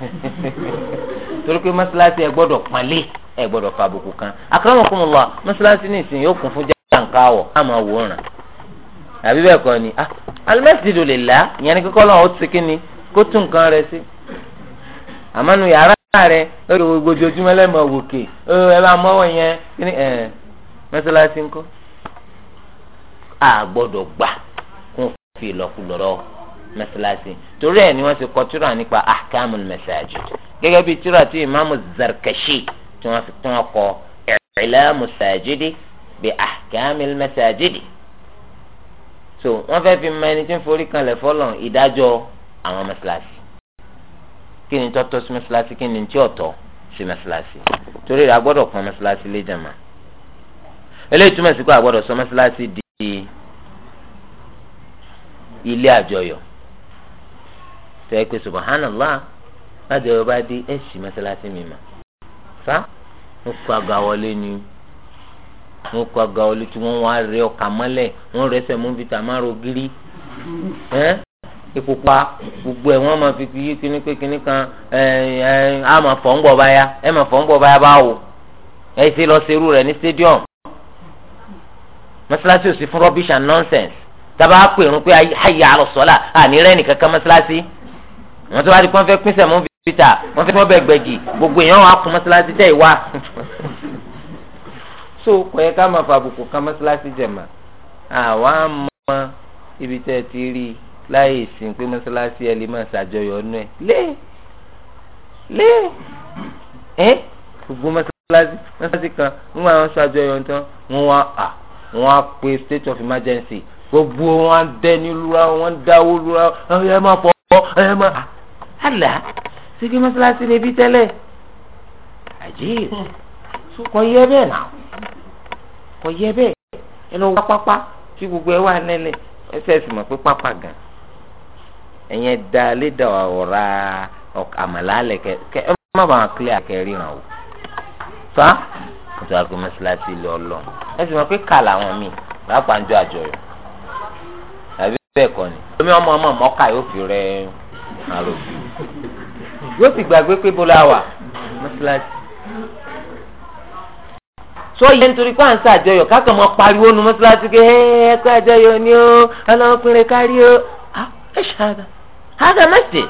torí pé mọ́sálásí ẹ gbọ́dọ̀ pọ́nlé ẹ gbọ́dọ̀ fa àbùkù kan akramakumullah mọ́sálásí ní ìsìn yóò kún fún jàǹká wọ̀ àmọ́ àwòrán àbí bẹ́ẹ̀ ni ah, lè la ìyẹn ni kíkọ́ ó ti kó tún nǹkan rẹ sí yàrá rẹ lórí gbogbo ojoojúmọ́ lẹ́mọ̀ ẹ bá mọ́wọ́ yẹn mẹsàlásì torí ẹ ni wọn ti kọ tíra nípa ahkamul masajid gẹ́gẹ́ bíi tíra tí imaamu zarkashi tí wọn fi tún ọkọ i'lamu sajidi bi ahkamil masajidi so wọn fẹẹ fi mọ ẹni tí ń forí kanlẹ̀ fọlọ ìdájọ́ àwọn mẹsàlásì kí ni tọ́tọ́ sí mẹsàlásì kí ni tí ọ̀tọ̀ sí mẹsàlásì torí rẹ agbọ́dọ̀ pọn mẹsàlásì lé jàmá eléyìí túmọ̀ sí pé agbọ́dọ̀ sọ mẹsàlásì di ilé àjọyọ̀ tó yẹ pé subhanallah láti ọ̀rọ̀ bá dé ẹ̀ ṣì mọ́sálásí sá mo kọ àga wọlé ni mo kọ àga wọlé tí wọ́n wá rẹ ọkà mọ́lẹ̀ wọ́n rẹ mú pa gbogbo ẹ̀ ma fi fi yí kíní kan á máa fọ̀ ń bọ̀ báyà e máa fọ ń bọ̀ báyà báwo ẹ̀ lọ ní stadium mọ́sálásí ò sí and tábà pé ayé àlọ́ sọ́là àní mọ́sálásí. wọ́n tó wá di pé wọ́n fẹ́ pín sẹ̀mú bìtà wọ́n fẹ́ kí wọ́n bẹ̀ gbẹ̀gì gbogbo èèyàn wà á kún mọ́sálásí tẹ̀ ìwá. so kò yẹ ká máa fàbùkù kan mọ́sálásí jẹ̀mà àwa mọ ibi tẹ́ ẹ ti rí láyé ìsìn pé mọ́sálásí ẹ lè máa ṣàjọyọ̀ ọ̀nà ẹ̀ lé lé ẹ́ gbogbo mọ́sálásí mọ́sálásí kan ń wá wọn ṣàjọyọ̀ nǹkan wọ́n wá à wọ́n á pe state of emergency gbogbo wọn á dẹ́ni lura wọn dáwó lura ẹ máa fọ́ ẹ máa àlà sígi mọ́sálásí lè bí tẹ́lẹ̀ àjíyè kò yẹ bẹ́ẹ̀ náà kò yẹ bẹ́ẹ̀ ẹnu wá pápá tí gbogbo ẹ wà nílẹ̀ ẹsẹ̀ sì mọ̀ pé pápá gan ẹ̀yẹn da léda ọ̀rá àmàlà alẹ̀ kẹ ẹ má bàa kílẹ̀ àkẹ́rì hàn o fa nítorí àgbẹ̀ mọ́sálásí lè ọlọ́run ẹ sì mọ̀ pé kà làwọn míì pàápàá ń jọ àjọyọ̀ tàbí bẹ́ẹ̀ kọ́ ni omi ọmọ ọmọ mọ́kà yóò fi rẹ́ ẹ́ àrò yóò sì gbàgbé pé bó la wà mọ́sálásí. sọ yẹ nítorí pé à ń ṣàjọyọ̀ kákan mọ́ pariwo nu mọ́sálásí pé ẹ kó àjọyọ̀ ni ó ọlọ́kùnrin kárí ó ah, ẹ ṣáàdà ṣáàdà mẹ́sì.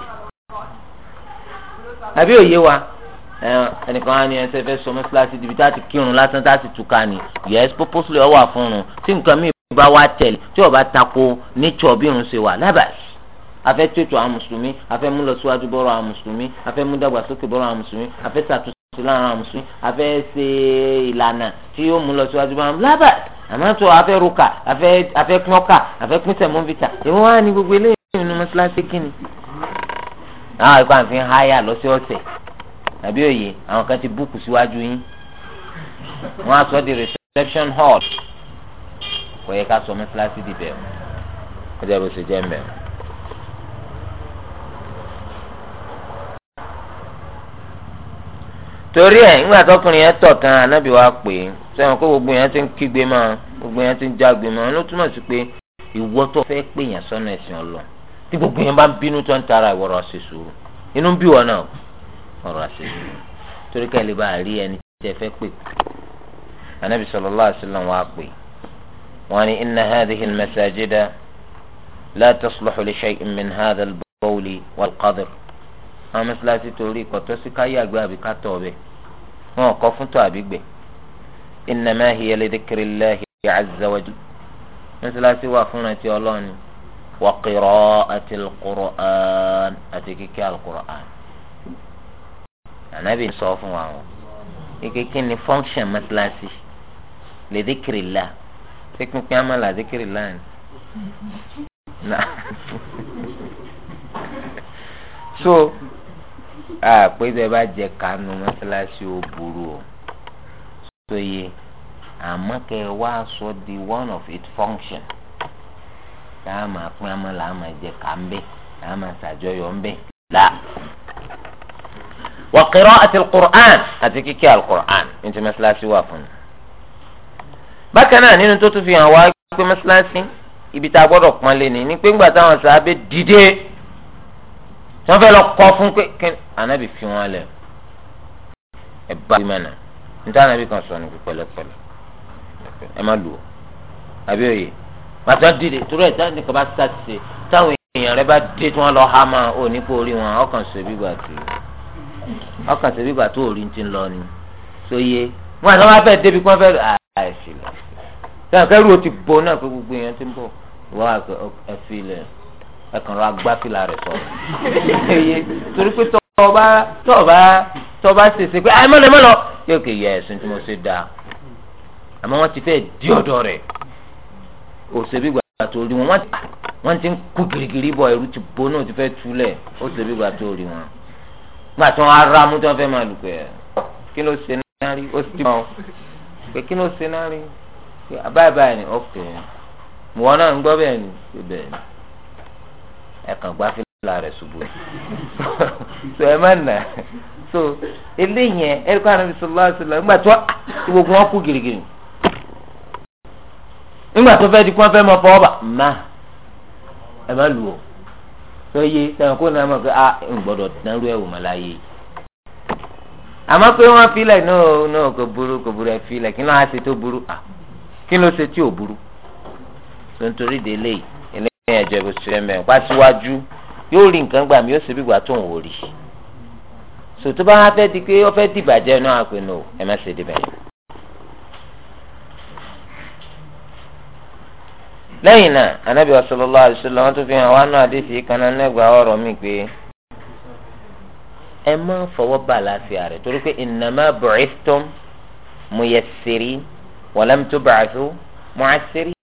àbí òye wa ẹnìkan á ní ẹsẹ̀ fẹ́ sọ mọ́sálásí dìbí tá a ti kírun lásán tá a sì túká ni yẹ́sì pópósílẹ̀ ọwọ́ àfọ̀run tí nǹkan mi bá wá tẹ̀lé tí ó bá tako nítsọ̀ bí irun ṣe wà lábàá afẹ́ tótó àwọn mùsùlùmí afẹ́ mú lọ síwájú bọ́rọ̀ àwọn mùsùlùmí afẹ́ mú dàgbàsókè bọ́rọ̀ àwọn mùsùlùmí afẹ́ ṣàtúnṣe láàrin àwọn mùsùlùmí afẹ́ ṣe ìlànà tí yóò mú lọ síwájú bọ́rọ̀ àwọn lábà àmọ́ tó afẹ́ ruka afẹ́ kúnọ́ka afẹ́ pínsẹ̀ mọ́vítà èmi wá ní gbogbo eléyìí nínú mọ́ṣáláṣí kínni. àwọn ikọ̀ àfin háyà lọ́sọ̀ọ̀sẹ̀ àbí òye àwọn kan ti búùkù síwájú yín wọ́n á sọ di reception hall kò yẹ ká sọ mọ́ṣáláṣí dìbẹ̀ o kọjá ló ṣe jẹ́ mẹ́rin. torí ẹ̀ ńgbà tọkùnrin yẹn tọ̀ tán anábì wa pè é sẹ́wọ̀n kó gbogbo yẹn ti ń kígbe mọ́ gbogbo yẹn ti ń jágbe mọ́ ló túmọ̀ sí pé ìwọ tó fẹ́ pè yẹn sọ́nà ẹ̀sìn ọlọ tí gbogbo yẹn bá ń bínú tó ń tara ìwọ̀rọ̀ àṣẹ sùúrù inú ń bí wọn náà ọ̀rọ̀ àṣẹ sùúrù torí ká lè rí ẹni tẹ́ fẹ́ pè anábì sallallahu alaihi wasallam wa pè wọn ni inna hadhihi al-masajida la àwọn mọ́sálásí torí kọ̀tọ́ sí ká yàgbẹ́ àbí ká tọ̀ ọ̀bẹ wọn ò kọ́ fún tọ̀ àbí gbẹ. innama hiya li dhikrillahi azza wa jalla mọ́sálásí wà fún ẹtì ọlọ́run wa qira'atil Qur'an àti kíkẹ́ al-Qur'an. ànábì sọ fún wa wọn kíkẹ́ ni function mọ́sálásí li dhikrillah ṣé pínpín àmàlà dhikrillah ni so àpéjọ bá jẹ kánú mọ́ṣáláṣí ó burú o sóye àmọ́ kẹ́ ẹ wá sọ di one of its function tá a máa pín amọ́ là á máa jẹ ká ń bẹ̀ là á máa ṣàjọyọ̀ ń bẹ̀ là. wa qira'ati al-Qur'an àti kíkẹ́ al-Qur'an ní ti mọ́ṣáláṣí wà fún un. bákan náà nínú tó tún fi hàn wá pé mọ́ṣáláṣí wọ́n fẹ́ lọ kọ́ fún pé kí anabi fi wọn lẹ̀ ẹ bá wí mẹ́nà níta anabi kan sọ ní pẹ̀lẹ́pẹ̀lẹ́ ẹ má lù ọ́ àbí òye pàtó dìde torí ẹ̀ táwọn nìkan bá sàṣìṣe táwọn èèyàn rẹ bá dé tí wọ́n lọ há máa ò ní kó orí wọn ọkàn ṣèbí gbà tó ọkàn ṣèbí gbà tó orí ti ń lọ ni sóye wọn àti wọn fẹ́ débi kí wọ́n fẹ́ àìsí lọ sẹ́yìn kẹ́rù ó ti bo náà pé gbogbo èèyàn ti ń bọ̀ wọ́n àgbẹ̀ ẹ fi lẹ̀ ẹkànrọ agbáfìlà rẹ sọ̀rọ̀ torí pé tọba tọba tọba ṣèṣe pé ẹ mọlẹ mọlọ yóò kè yẹ ẹsùn tí mo ṣe da àmọ́ wọn ti fẹ́ di ọ̀dọ̀ rẹ̀ òṣèbí gbà tó rí wọn wọn ah, ti ń kú girigiri bọ ẹrú ti bọ náà ti fẹ́ túlẹ̀ òṣèbí gbà tó rí wọn gbà tí wọn ara mú tí wọn fẹ́ máa lù pẹ kí ló ṣe náà rí ó sì ti mọ pé kí ló ṣe náà rí báyìí báyìí ni ọkẹ wọn náà ń gbọ́ bẹ́ẹ̀ ni bẹ́ẹ̀ ni ẹ̀kan gbá fìlà rẹ̀ ṣubú so ẹ má nà so eléyìí yẹn ẹ̀rí kọ́ ànábi sọlá ṣẹlẹ̀ nígbà tó gbogbo wọn kú gírígírí nígbà tó fẹ́ di kí fẹ́ mọ fọwọ́ bà má ẹ má lù ọ́ sọ yé sẹ́wọ̀n kó nàá mọ̀ pé a ń gbọ́dọ̀ dánrú ẹ̀ wò mọ́ láyé àmọ́ pé wọ́n filẹ̀ náà náà kò burú kò burú ẹ̀ filẹ̀ kí ló á ṣe tó burú kí ló ṣe tí ò burú tó ń torí délé yìí ní ẹ̀jẹ̀ bó ṣe mẹ́ wá síwájú yóò rí nǹkan gbà mí yóò ṣe bí ìgbà tó ń wò rí so tó bá wá fẹ́ di pé ó fẹ́ dìbàjẹ́ náà á pè nù ẹ má ṣe dìbẹ̀. lẹ́yìn náà anábì sallallahu alaihi wasallam wọ́n tún fi hàn wá náà àdéhìí kan náà ọ̀rọ̀ mi pé ẹ má fọwọ́ bà láàfíà rẹ̀ torí pé innama bu'ithtum muyassirin wa lam tub'athu mu'assirin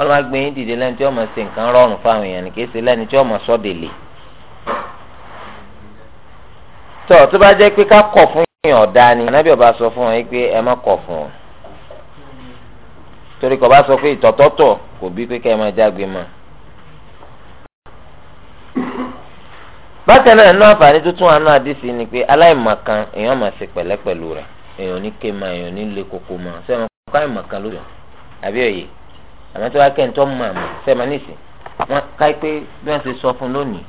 ọlọ́run á gbé yín dìde tí wọ́n máa ṣe nǹkan rọrùn àwọn èèyàn tí ọmọ máa sọ délé. tọ́ tó bá jẹ́ pé ká kọ̀ fún yín ọ̀dà ni ọba sọ fún wọn pé ẹ má kọ̀ fún wọn. torí bá sọ pé ìtọ̀tọ̀tọ̀ kò bí pé ẹ máa jágbe mọ́. bákan náà inú àǹfààní àdìsí ni pé aláìmọ̀kan èèyàn máa rẹ̀ èèyàn ní àmọ́ tó bá kẹ́ńtọ́ mọ̀ àmọ́ sẹ́mi nísì wọ́n káyí pé bí wọ́n ṣe sọ fún lónìí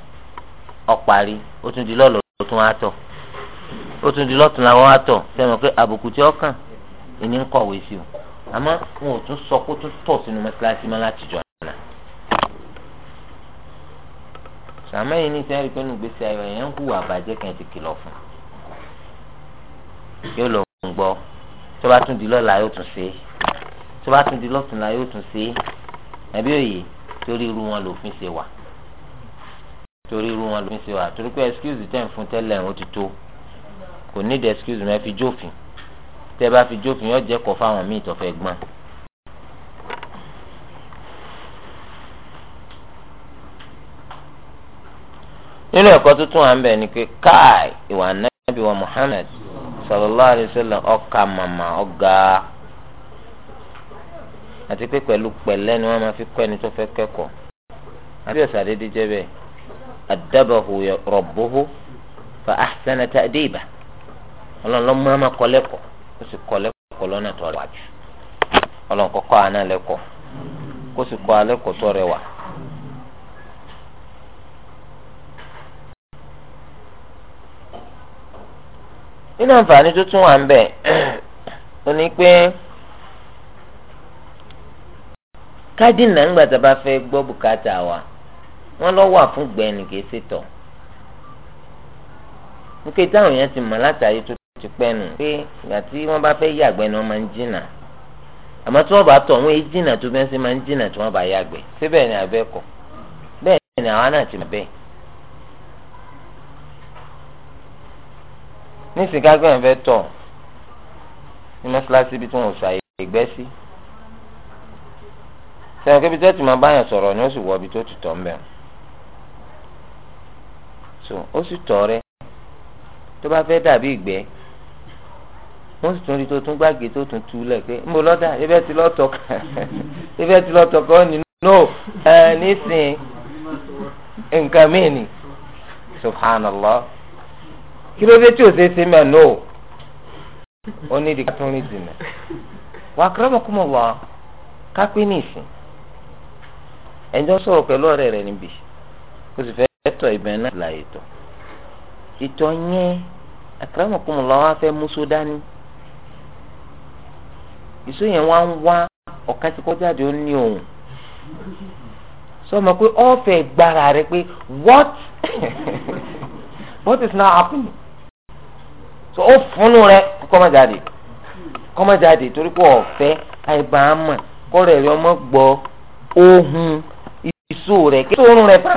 ọ̀parí ó tún di lọ́ọ̀lọ́ ó tún wá tọ̀ ó tún di lọ́ọ̀tún làwọn wá tọ̀ sẹ́mi pé àbùkù tí ó kàn ìní ń kọ̀wé sí o àmọ́ wọn ò tún sọ kó tún tọ̀ sínú mẹ́tíláṣí mọ́ láti jọ náà. sàmẹ́yìn ní sẹ́yìn rí pé nù ayọ̀ yẹn ń hùwà bàjẹ́ kẹ́ ti kìlọ̀ fún yóò lọ gbọ́ tó bá tún di lọ́la yóò tún ṣe é. tó bá tún di lọ́tùnla yóò tún ṣe é àbí òye torí irú wọn lòfin ṣe wà torí irú wọn lòfin ṣe wà torí pé excuse tẹ̀ ń fún tẹ́lẹ̀ ó ti tó kò ní ìdí excuse mi ẹ fi jófin tẹ́ bá fi jófin yóò jẹ́ kọ́ fáwọn míì tó fẹ́ gbọ́n. nínú ẹ̀kọ́ tuntun à ń bẹ̀ ni pé káì ìwà nábì wa Muhammad sallallahu alaihi wasallam ọkà màmá ọgá. àti pé pẹ̀lú pẹ̀lẹ́ ni wọ́n máa fi kọ́ ẹni tó fẹ́ kẹ́kọ̀ọ́ àbí ọ̀sàdédé jẹ́ bẹ́ẹ̀ fa ahsana ta'diba ọlọ́run ló máa máa kọ́ lẹ́kọ̀ọ́ ó sì kọ́ lẹ́kọ̀ọ́ lọ́nà tó rẹwà jù ọlọ́run kọ́kọ́ àná lẹ́kọ̀ọ́ kó sì kọ́ alẹ́kọ̀ọ́ tó rẹwà. nínú àǹfààní tó tún wà kádìnà ńgbà tá a bá fẹ́ gbọ́ bùkátà wa wọ́n lọ wà fún gbẹ̀ẹ́nì kìí ṣètọ̀ nípa táwọn èèyàn ti mọ̀ látàrí tó ti pẹ́ nù pé ìgbà tí wọ́n bá fẹ́ yàgbẹ́ ni wọ́n máa ń jìnà àmọ́ tí wọ́n bá tọ̀ wọ́n jìnà tó bẹ́ẹ̀ ṣe máa ń jìnà tí wọ́n bá yàgbẹ́ síbẹ̀ ni àbẹ́ kọ̀ bẹ́ẹ̀ ni àwa náà ti mọ̀ bẹ́ẹ̀. ní sìkágbẹ́ ń fẹ́ tọ̀ ní mọ́ṣáláṣí bí tí wọ́n ò ṣàyè gbẹ́ sí. sẹ́yìn kébi tẹ́tì máa báyàn sọ̀rọ̀ ni ó sì wọ ibi tó ti tọ̀ ń so ó sì tọ̀ rẹ tó bá fẹ́ dàbí ìgbẹ́ wọ́n sì tún rí tó tún gbàgbé tó tún tú lẹ̀ pé ń lọ́dà ibẹ̀ ti lọ́tọ̀ kan ibẹ̀ ti no ẹ nísìn nǹkan míì ni subhanallah kí ló dé tí o ṣe no ó ní ìdí ká tún rí zìnnà wà á kú mọ̀ wá ẹnjọ́ sọ̀rọ̀ pẹ̀lú ọ̀rẹ́ rẹ̀ níbi ó sì fẹ́ tọ̀ ibẹ̀ náà là ìtọ̀ ìtọ̀ yẹn àkàràmọ̀kùnmọ̀ lọ́wọ́ á fẹ́ mú sódà ní ìṣó yẹn wá ń wá ọ̀kan tí kò jáde ó ní òun sọmọ pé ọ̀fẹ́ gbára rẹ pé what what is now happening so ó fúnnu rẹ kọ́mọ́jáde kọ́mọ́jáde torí pé ọ̀fẹ́ àìbámọ̀ kọ́rẹ̀ rẹ ọmọ gbọ́ ohun tutù rẹ̀ kí oorun rẹ̀ fa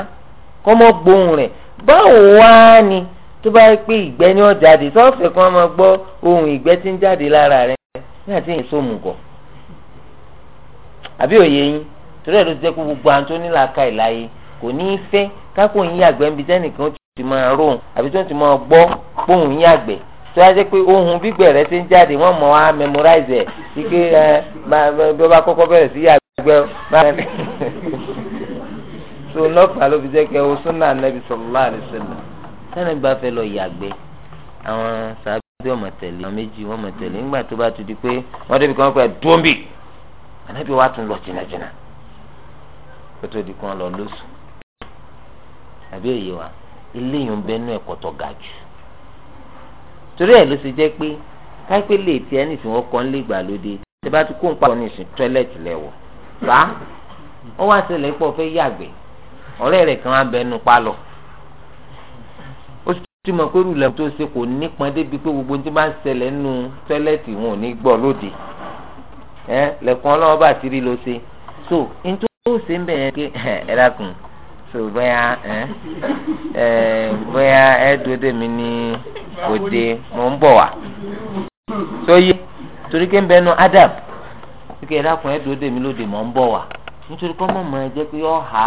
kọ́ mọ́ gbóhùn rẹ̀ báwo wá ni tó bá pé ìgbẹ́ ni ó jáde gbọ́ ohun ìgbẹ́ tí ń jáde lára rẹ̀ nígbà tí èyí sómù gọ̀ àbí òye yín torí ẹ̀ ló jẹ́ kó ìláyé kò ní í fẹ́ kákò ń yàgbẹ́ níbi ti máa àbí tó ti máa gbọ́ póhùn yàgbẹ́ tó jẹ́ pé ohun gbígbẹ̀ ti ń jáde so lọ́pàá ló fi jẹ́ kẹ́ o súnà anabi sallallahu alaihi wasallam sẹ́ni bá fẹ́ lọ yàgbẹ́ àwọn sàbí ọmọ tẹ̀lé àwọn méjì wọ́n mọ̀ tẹ̀lé nígbà tó bá ti di pé wọ́n débi kan pẹ́ dúnbì anabi wa tún lọ jìnnàjìnnà kó tó di kan lọ lóṣù àbí èyí wa ilé yìí ń bẹ nú ẹ̀kọ́ ga jù torí ẹ̀ ló ṣe jẹ́ pé káípẹ́ lè tiẹ́ nìsín wọ́n kọ́ ń lè gbà bá ti kó ń pa ọ̀ nìsín tọ́lẹ̀tì lẹ́wọ̀ bá wọ́n wá ṣẹlẹ̀ pọ̀ fẹ́ yàgbẹ́ ọ̀rẹ́ rẹ̀ kan á bẹ ẹnu palọ̀ ó sì mọ̀ pé rúlẹ̀ tó ṣe kò nípọn débi pé gbogbo tí máa ń ṣẹlẹ̀ nínú tọ́lẹ́tì wọn ò ní gbọ́ lóde ẹ lẹ́kùn ọlọ́wọ́ bá ti rí lọ ṣe so nítorí ó ṣe ń bẹ̀ yẹn pé ẹ dákun so bóyá ẹ ẹ bóyá ẹ dúró dè ní òde mò ń bọ̀ wá tó yé torí ké ń bẹnu adab kíkẹ́ ẹ dákun ẹ dúró dè lóde mò ń bọ̀ wá nítorí kọ́ mọ̀ mọ́ ẹ jẹ́ pé ọ̀ ha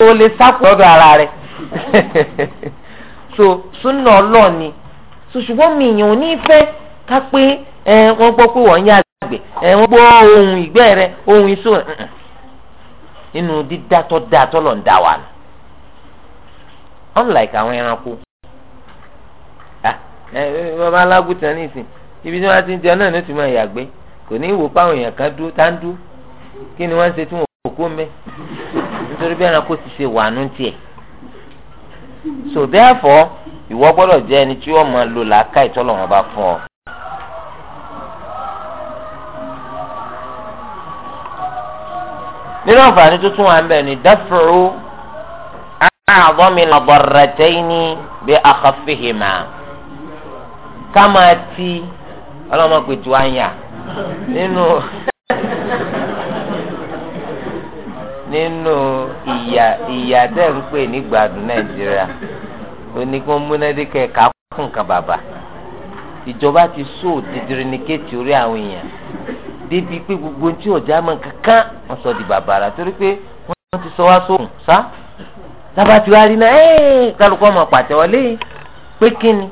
o le sápò ọdọ ara rẹ so súnà ọlọ́ọ̀ni so ṣùgbọ́n mi ìyàn ò ní fẹ́ ká pé wọ́n gbọ́ pé wọ́n ohun ìgbẹ́ rẹ ohun iso nínú dídá tó dáa tó dá wa nù unlike àwọn ẹranko bàbá ah, ibi tí wọ́n ti ń jẹun náà ló ti máa kò ní kan dúró ni ṣe tí kó nítorí bí ẹranko ti ṣe wà nù tiẹ̀ so therefore ìwọ gbọ́dọ̀ jẹ́ ẹni tí wọ́n máa lò làákà ìtọ́lọ̀ wọn bá fún ọ. nínú àǹfààní tuntun wa ń bẹ̀ ni dáfúrú àádọ́mi lọ́bọ̀rẹ̀tẹ́yìní bí akọ́fìhìmá ká máa ti ọlọ́mọ pẹ̀tù àyà nínú nínú ìyà ìyà tẹ̀ ń pè ní gbádùn nàìjíríà oníkó múnádìkẹ́ ká fún kan bàbà ìjọba ti sọ dídìrín ní kéètì orí àwọn èèyàn débi pé gbogbo tí ọjà mọ kankan wọn sọ di bàbàrà torí pé wọn ti sọ wá sóhùn sá dábàá tí wàá rí náà ẹ́ẹ́ kálukọ́ ọmọ pàtẹ́wọlé pé kíni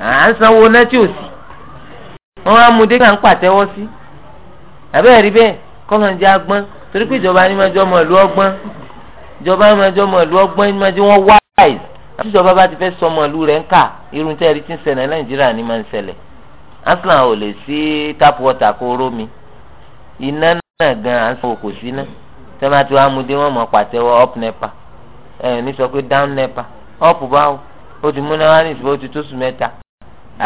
à ń sanwó náà tí wọn á mú dé ká ń pàtẹ́wọ́ sí àbẹ́ẹ̀rí bẹ́ẹ̀ kọ́ńtà ń jẹ́ agbọ́n torí pé ìjọba ni máa jọ ọmọ ìlú ọgbọ́n ìjọba ni máa jọ ọmọ ìlú ọgbọ́n ni máa jẹ́ wọ́n wáìs àti ìjọba bá ti fẹ́ sọ ọmọ ìlú rẹ̀ ń kà irun tẹ́ẹ̀rí tí ń ṣẹlẹ̀ nàìjíríà ni máa ń ṣẹlẹ̀ aslan ò lè sí tap water kó rómi iná náà gan à ń kò sí ná tẹ́lá tí wàá mú dé wọ́n mọ̀ pàtẹ́wọ́ up nepa ẹ̀ ní sọ pé down nepa up báwo ó ti múná wá ní ìsìnkú ó ti tó sùn mẹ́ta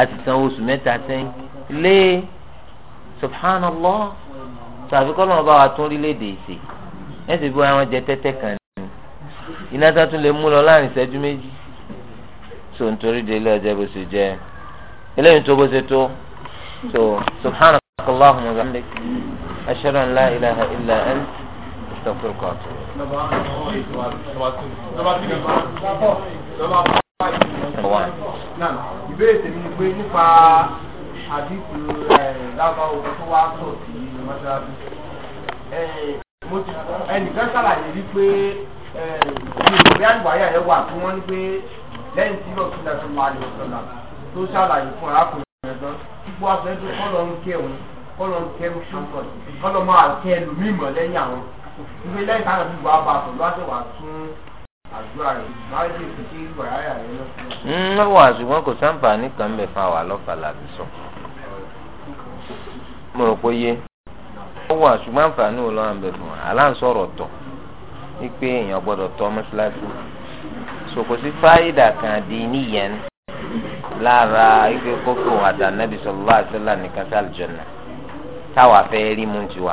àti sanwó sùn mẹ́ta sẹ́yìn lé subhanallah tàbí kọ́ lọ́wọ́ bá wa tún orílẹ̀-èdè ìsè ẹ̀sìn bí wọ́n jẹ tẹ́tẹ́ kan ní iná tá tún lè mú lọ láàrin ìṣẹ́jú méjì so nítorí délé ọjọ́ bó ṣe jẹ́ eléyìí tó bó ṣe tó so subhanaka allahumma wa bihamdik ashhadu an la ilaha illa ant astaghfiruka wa atubu ìbéèrè tèmi ni pé nípa àdínkù ẹ̀ eh, lábáwo tó wá sọ̀ sí mọ́ṣáláṣí ẹnìkan ṣàlàyé wípé ìwé àgbáyà yẹn wà tí wọ́n ní pé lẹ́yìn tí lọ́ọ̀tún lẹ́sùn máa lè sọ̀lá tó ṣàlàyé fún arákùnrin ẹ̀gbọ́n púpọ̀ afẹ́dún kọ́lọ̀ ń kẹun kọ́lọ̀ ń kẹun ṣùkọ̀ kọ́lọ̀ máa kẹ ẹlòmíì mọ̀ lẹ́yìn àwọn ìwé lẹ́yìn táwọn ìlú wa bá a pẹ̀lú àṣẹwà tún àdúrà rẹ̀ máa ń lè fi ìwà àyà rẹ̀ lọ. ń wà ṣùgbọ́n kò sáǹfà nìkan bẹ̀ fún àwa lọ́fà làbí sọ. mo rò pé yé ó wà ṣùgbọ́n àǹfààní wo lọ́wọ́ àǹbẹ̀ fún wa aláǹsọ̀rọ̀ tọ̀ wípé èèyàn gbọ́dọ̀ tọ́ mọ́ṣáláṣí sòkòsí fáyidà kan di níyẹn lára wípé kókó àdànàbì sallallahu alaihi wasallam nìkan sí àlùjànnà táwa fẹ́ rí mú tiwa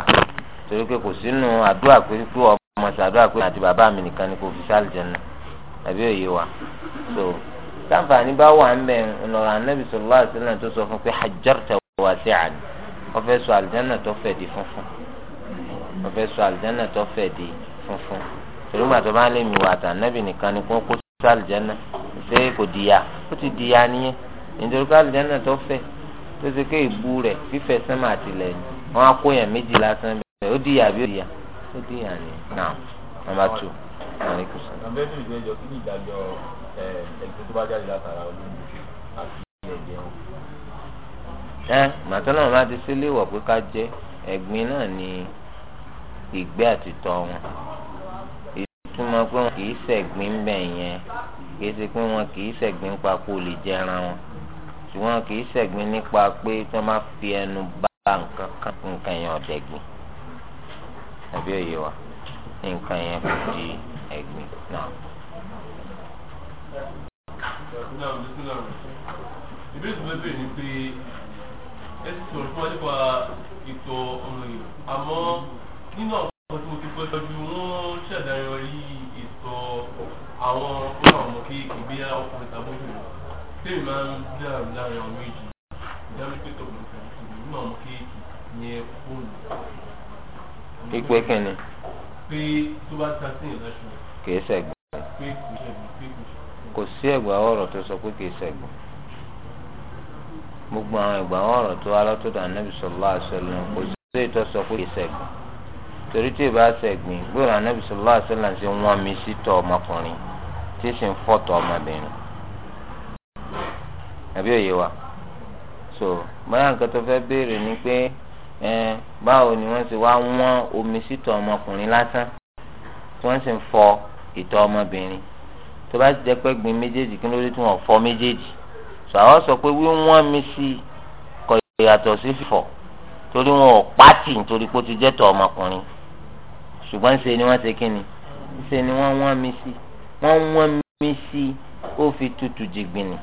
torí pé kò sínú àdúrà pé pé ọmọ ṣàdúrà pé àti bàbá mi nìkan ni kò fi sí àlùjànnà àbí òye wa so táǹfààní bá wà ń bẹ̀ ńlọrọ̀ àdànàbì sallallahu alaihi wasallam tó sọ fún ọfẹ sọ àlùjáná tó fẹ̀ di funfun ọfẹ sọ àlùjáná tó fẹ̀ di funfun tòlúmọ àti ọba lè mi wà tà nẹbì nìkan ni kó kó sọ àlùjáná ṣé kò dìyà ó ti dìyà nìyẹn nítorí pé àlùjáná tó fẹ̀ tó ṣe pé ìbú rẹ̀ fífẹ̀ sẹmà àtìlẹyìn wọn á kó yẹn méjì lásán bẹ́ẹ̀ ó dìyà bí ó dìyà ó dìyà ni now number two. ọ̀bẹ́ tó ìgbẹ́jọ́ kí ni ìdájọ́ eh, ẹ̀ẹ́dẹ́gbẹ́ tó bá jáde látara olóńgbò àti ẹ̀jẹ̀ wọn. ẹ màtọ́nà máa ti sílé wọ̀ pé ká jẹ ẹ̀gbin náà ni ìgbé àti tọ̀ wọn ìtumọ̀ pé wọn kì í ṣẹ̀gbin ń bẹ̀ yẹn kì í ṣe pé wọn kì í ṣẹ̀gbin nípa kó lè jẹran wọn ṣùgbọ́n kì í ṣẹ̀gbin nípa pé tí wọ́n máa fi ẹnu bá nǹkan kan nǹkan yẹn ọ̀dẹ̀gbin àbí òye wa nǹkan yẹn kò di ẹ̀gbin náà. ìbéèrè tó lè bèèrè ni pé. ẹ ti sọ̀rọ̀ fún wa nípa ìtọ̀ ọmọ yìí àmọ́ nínú àwọn ọmọ tí mo ti gbọ́ lọ́jú wọ́n ṣàdáyọrí ìtọ̀ àwọn fún àwọn kéèké bí ọkùnrin tàbójú rẹ̀ tèmi máa ń dàrú láàrin àwọn méjì ìdáhùn pé tọ̀ ọ̀gbìn tàbí tòun nínú àwọn kéèké ní fóònù. pípẹ́ kẹ́ni. pé tó bá ta sí ìrẹsùn. kì í ṣẹ̀gbọ́n. pé kò sí ẹ̀gbọ́n ọ̀rọ̀ tó sọ pé kì í ṣẹ̀gbọ́n gbogbo àwọn ìgbà wọn ọ̀rọ̀ tó wá lọ́tọ̀dọ̀ ànábì sallallahu alaihi wasallam kò sí ètò sọ pé kì í ṣẹ̀gbìn torí tí ìbá ṣẹ̀gbìn gbọ́dọ̀ ànábì sallallahu alaihi wasallam ṣe wọ́n mi sí tọ̀ ọmọkùnrin tí sì ń fọ́tọ̀ ọmọbìnrin àbí òye wa so báyà nǹkan tó fẹ́ béèrè ni pé báwo ni wọ́n ṣe wá wọ́n omi sí tọ̀ ọmọkùnrin lásán tí wọ́n sì ń fọ ìtọ̀ ọmọbìnrin tó bá ti jẹ́ pé gbin méjèèjì kí ló dé tí wọ́n fọ méjèèjì sàwọn sọ pé wíwọ́n mi sí kò yàtọ̀ sí fífọ̀ torí wọn ò pàtì nítorí pé ó ti jẹ́ tọ̀ ọmọkùnrin ṣùgbọ́n ṣe ni wọ́n ṣe kí ni ṣe ni wọ́n wọ́n mi sí wọ́n wọ́n mi sí ó fi tutù jìgbìnì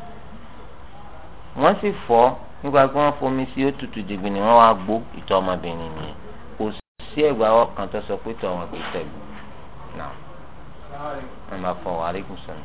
wọ́n sì fọ́ nígbà tí wọ́n fomi sí ó tutù jìgbìnì wọ́n wá gbó ìtọ̀ ọmọbìnrin nìyẹn kò sí ẹ̀gbà ọkàn tó sọ pé tọ̀ wọn kì tẹ̀lé náà ẹ̀ máa fọ wàhálà ìkùnsọ̀nù.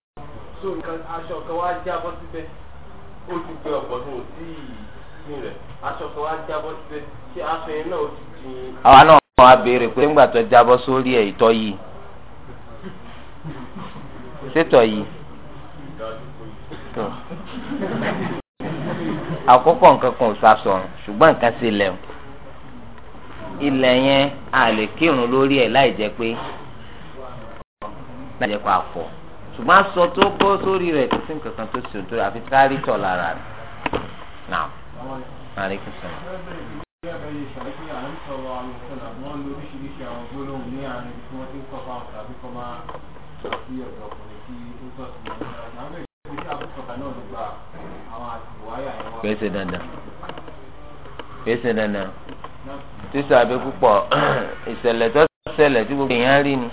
so nǹkan aṣọ kan wá jábọ́ síbẹ̀ ó ti gbé ọ̀pọ̀ tó ń tí ìsìn rẹ̀ aṣọ kan wá jábọ́ síbẹ̀ ṣé aṣọ yẹn náà ó ti jìn. àwa náà wọn á béèrè pé ńgbà tó jábọ́ sórí ẹ̀ ìtọ́ yìí sétọ̀ yìí àkókò nǹkan kan ò sasọ̀rọ̀ ṣùgbọ́n nǹkan ṣe lẹ̀ ilẹ̀ yẹn a lè kírun lórí ẹ̀ láì jẹ́ pé láì jẹ́ pé a fọ̀ ṣùgbọ́n aṣọ tó bọ́ sórí rẹ̀ kò sí nǹkan kan tó ṣe òtó àfi sáré tọ̀ lára rẹ̀ náà àrí kò sọ̀rọ̀. pèsè dandan pèsè dandan sísọ abẹ púpọ̀ ìṣẹ̀lẹ̀ tó ṣẹlẹ̀ tí gbogbo èèyàn rí ni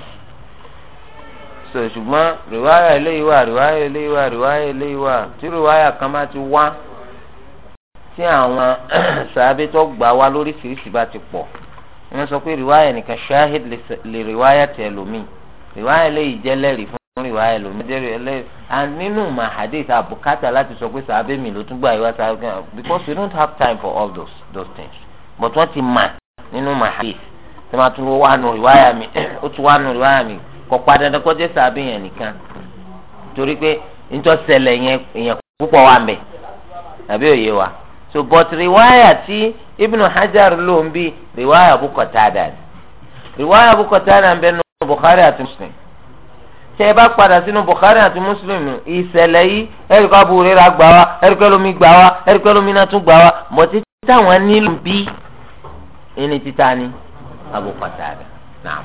so ṣùgbọ́n rìwáyà eléyìí wà rìwáyà eléyìí wà rìwáyà eléyìí wà tí rìwáyà kan bá ti wá tí àwọn sàábé tó gbà wá lóríṣiríṣi bá ti pọ̀ wọ́n sọ pé rìwáyà nìkan ṣáhid lè rìwáyà tẹ̀ lómi rìwáyà eléyìí jẹ́ lẹ́rìí fún rìwáyà lómi nínú ma hadith àbùkátà láti sọ pé sàábé mi ló tún gbà yíwá sàábé kan because we don't have time for all those those things but wọ́n ti mà nínú ma hadith tí wọ́n tún wá nù rìwáyà mi ó tún wá nù rìwáyà mi kò pa dandan kó jẹ́ sàbí yẹn nìkan torí pé ntọ́sẹ̀lẹ̀ yẹn yẹn púpọ̀ wà mẹ́ àbí òye wa so but riwaya tí Ibn Hajar ló ń bí riwaya Abu Qatada riwaya Abu Qatada ń bẹ nínú Bukhari àti Muslim tẹ ẹ bá padà sínú Bukhari àti Muslim ìṣẹ̀lẹ̀ yìí ẹ̀rù ká buhure ra gbà wá ẹ̀rù ká lómi gbà wá ẹ̀rù ká lómi náà tún gbà wá mọ̀ táwọn nílùú bí ẹni títa ni Abu Qatada naam.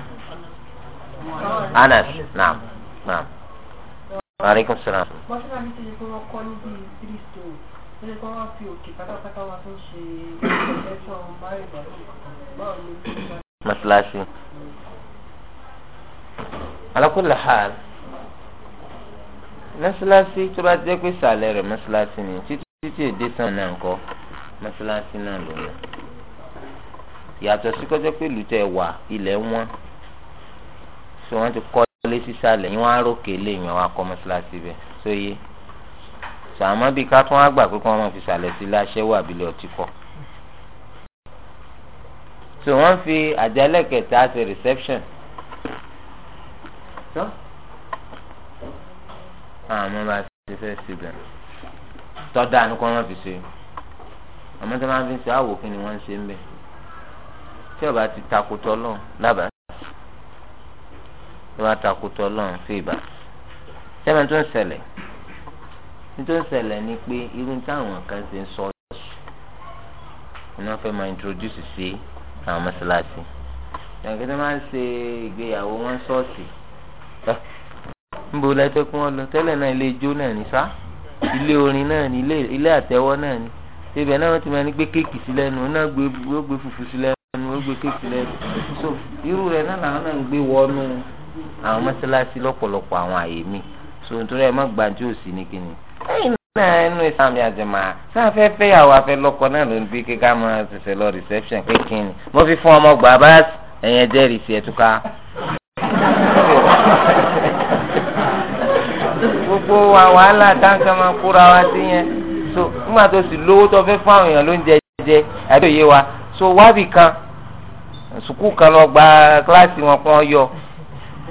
anas naam naam maaleykum salaam. mọ́ṣálá mi ti di pé wọ́n kọ́ níbi three stone ó lè kọ́ wọ́n fi òkè pátápátá wá tó ṣe ẹ̀ṣọ́ márùn-ún báwo ni ó ń bá. mọ́ṣáláṣí. ala kulli hal mọ́ṣáláṣí tó bá jẹ́ pé sàlẹ̀ rẹ̀ mọ́ṣáláṣí ni títí tí èdè sàn náà ń kọ́ mọ́ṣáláṣí náà lónìí yàtọ̀ sí kọ́jọ́ pé lùtẹ̀ wà ilẹ̀ wọn so wọ́n ti kọ́ lé sísàlẹ̀ yín wọ́n á rókè lé yín àwọn akọ́mọ́síláṣí bẹ̀ sóye so àmọ́ bíi ká tún wá gbà pé kí wọ́n máa fi sàlẹ̀ sí ilé aṣẹ́wó àbílẹ̀ ọtí kọ́ so wọ́n fi àjálẹ̀ kẹta ṣe reception àmọ́ bá ti fẹ́ síbẹ̀ tọ́da ni kí wọ́n máa fi ṣe àmọ́ tí wọ́n máa fi ṣe àwò kí ni wọ́n ń ṣe ń bẹ̀ tí ọba ti takò tọ́lọ́ lábàá ló bá takùtọ̀ ọlọ́run sí ìbá sẹ́mi tó ń ṣẹlẹ̀ tó ń ṣẹlẹ̀ ni pé irú táwọn kan ṣe ń sọ ọ́ọ́sì ni wọ́n fẹ́ máa introduce sí àwọn mọ́ṣáláṣí ìyàgbé tó máa ń ṣe ìgbéyàwó wọn sọ́ọ̀sì ń bo lẹ́tọ́ kí wọ́n lọ tẹ́lẹ̀ náà ilé ijó náà ní sá ilé orin náà ní ilé àtẹ́wọ́ náà ní ibẹ̀ náà wọ́n ti máa ń gbé kéèkì sí lẹ́nu ó náà gbé fùfú sí lẹ́nu ó gbé kéèkì sí lẹ́nu irú rẹ̀ náà làwọn náà ń gbé wọnú àwọn mọ́sálásí lọ́pọ̀lọpọ̀ àwọn àyè mi so nítorí ẹ má gbà tí ò sí ní kíni. lẹ́yìn náà ẹnu ìsàmì àjẹmọ́ sáà fẹ́ fẹ́ yàwó afẹ́ lọ́kọ náà ló ń bí kíkà máa ṣẹ̀ṣẹ̀ lọ reception pé kíni mo fi fún ọmọ gbà bá ẹ̀yẹn jẹ́rìí sí ẹ̀túká. gbogbo wa wàhálà táǹkà máa kóra wa sí yẹn so nígbà tó sì lówó tó fẹ́ fún àwọn èèyàn ló ń jẹ jẹ àbí òye wa so wábì kan sùkúù kan lọ gba kíláàsì wọn kan yọ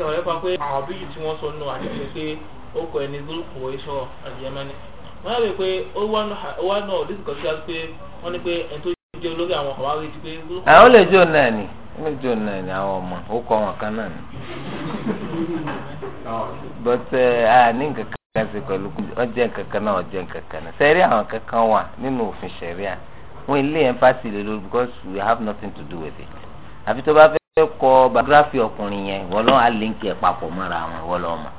sọ̀rọ̀ nípa pé àbí tí wọ́n sọ nù àti pé ó kọ ẹni gúrúùpù iṣọ́ àdìyẹmẹ́ni wọ́n yà wí pé ó wà náà ọ̀dísì kan síwájú pé wọ́n ní pé ẹni tó jẹ́ olórí àwọn ọ̀wá rí ti pé gúrúùpù. àwọn olè jò náà ni olè jò náà ni àwọn ọmọ ó kọ wọn kan náà ni but àní nǹkan kan ṣe pẹ̀lú ọjẹ́ nǹkan kan náà ọjẹ́ nǹkan kan náà sẹ́rí àwọn kankan wà nínú òfin ṣẹ̀ríà wọn ilé yẹn fásitì lè lórí because we have nothing to do with it àfi tó bá fẹ́ fẹ́ kọ biography ọkùnrin yẹn wọ́n lọ́wọ́ á líǹkì ẹ̀ papọ̀ mọ́ra wọn wọ́n lọ́wọ́ mọ́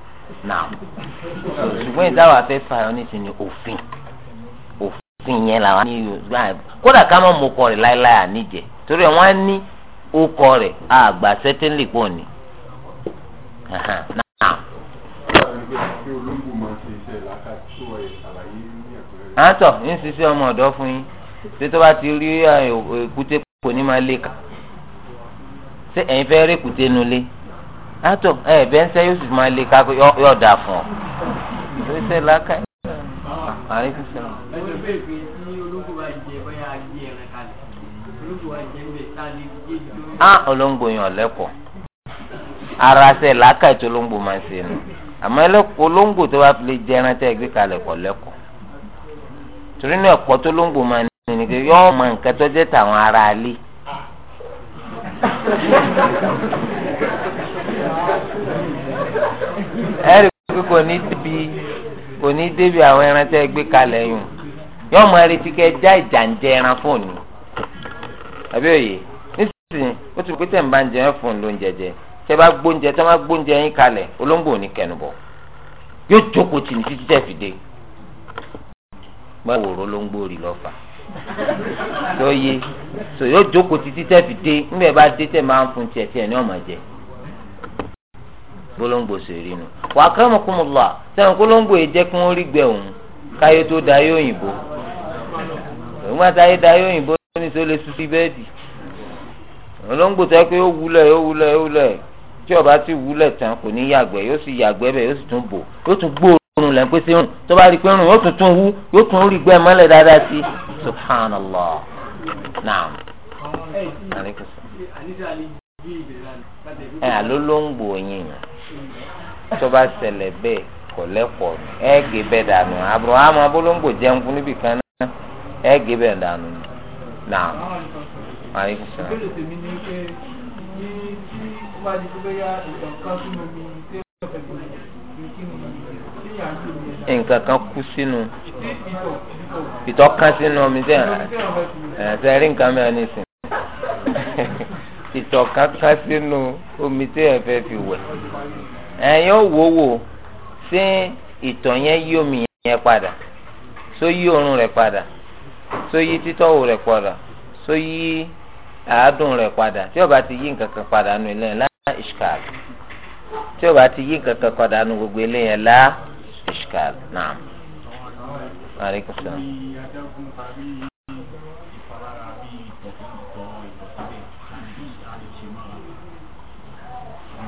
náà ṣùgbọ́n ìdáwà fẹ́ fààyàn nísìnyí òfin òfin yẹn làwọn ní yorùbá kódà ká má mú kọ rẹ̀ láéláé àníjẹ torí wọn á ní ó kọ rẹ̀ àgbà sẹ́tẹ́ńlì pọ̀ ni. àtọ̀ ń ṣiṣẹ́ ọmọ ọ̀dọ́ fún yín tí tó bá ti rí èkúté kò ní máa lé kà ṣé ẹ̀yin fẹ́ rí kùté nulẹ̀ àtọ̀ ẹ̀ bẹ́ẹ̀ ń sẹ́ yóò sì máa lè káko yọ̀ dà fún ọ. ìwé sẹ́ làákà ẹ̀ àrí kù sẹ́wọ̀n. ẹjọ́ bẹ́ẹ̀ pé tí olóńgbò bá jẹ bóyá ajé ẹ̀rẹ̀ kalẹ̀ olóńgbò bá jẹ bẹ́ẹ̀ tá a lè jẹ́ ìjọba. á olóńgbò yàn lẹ́kọ̀ọ́ ara sẹ́ làákà ètò olóńgbò máa ń ṣe nù àmọ́ olóńgbò tó bá fi lè jẹ ẹran tẹ́ gbé kalẹ̀ kọ̀ lẹ́kọ̀ọ́ torí náà ẹ̀kọ́ tó olóńgbò máa ń ní ni pé yọ́ọ́ mọ nǹkan tó jẹ́ tàwọn ará alé ẹ̀rí pé kò ní débi kò ní débi àwọn ẹran tẹ́ gbé kalẹ̀ yùn yóò mọ ẹrẹ́tí kẹ́ já ìjà ń jẹ ẹran fóònù àbí òye nísinsìnyí ó ti rò pé tẹ̀ ń bá ń jẹun fóònù ló ń jẹjẹ tẹ́ bá gbóúnjẹ tẹ́ bá gbóúnjẹ yín kalẹ̀ olóńgbò ò ní kẹnubọ̀ yóò jókòó tì ní títí tẹ̀ fi dé báwo ló ń gbóòrì lọ́fà tó yé tó yóò jókòó títí tẹ́ fi dé níbẹ̀ bá dé tẹ́ máa ń fún tiẹ̀ tiẹ̀ ní ọ̀mà jẹ gbólóńgbò sèré nu wà á kẹ́rọ̀mù kún mu lọ sẹ́wọ̀n gbólóńgbò yìí jẹ́ kí wọ́n rí gbẹ̀ òun káyé tó da yóò yìnbó òun máa ta yé da yóò yìnbó ní sọ lè sùn sí bẹ́ẹ̀dì olóńgbò tó yẹ pé yóò wúlẹ̀ yóò wúlẹ̀ yóò wúlẹ̀ tí ó bá ti wúlẹ̀ tán kò ní yàgbẹ́ yóò sì yàgbẹ́ bẹ́ẹ̀ yóò sì tún bò yóò tún gbòòrò irun lẹ́ ń pèsè irun tó bá rí pé irun yóò tuntun wú yóò tún rí gbẹ́ mọ́lẹ̀ dáadáa sí i subhanallah naam. ẹ àló ló ń gbò yín tó bá ṣẹlẹ̀ bẹ́ẹ̀ kò lẹ́kọ̀ọ́ ẹ gé bẹ́ẹ̀ dànù abrahamu abolongo jẹun níbi kan náà ẹ gé bẹ́ẹ̀ dànù naam. ìbéèrè nǹkan kan kú sínú ìtọ́ kán sínú omi tẹ́ ẹ̀ rí nǹkan mẹ́rin nísìn ìtọ́ kan kán sínú omi tẹ́ ẹ̀ fẹ́ fi wẹ̀ ẹ̀yin ò wò wò ṣé ìtọ̀ yẹn yí omi yẹn padà ṣó yí òórùn rẹ̀ padà ṣó yí títọ́wò rẹ̀ padà ṣó yí àádùn rẹ̀ padà tí ó bá ti yí nǹkan kan padà nù ilé yẹn lá ìṣkàlù tí ó bá ti yí nǹkan kan padà nù gbogbo ilé yẹn lá ishkal naam. aleykum salaam.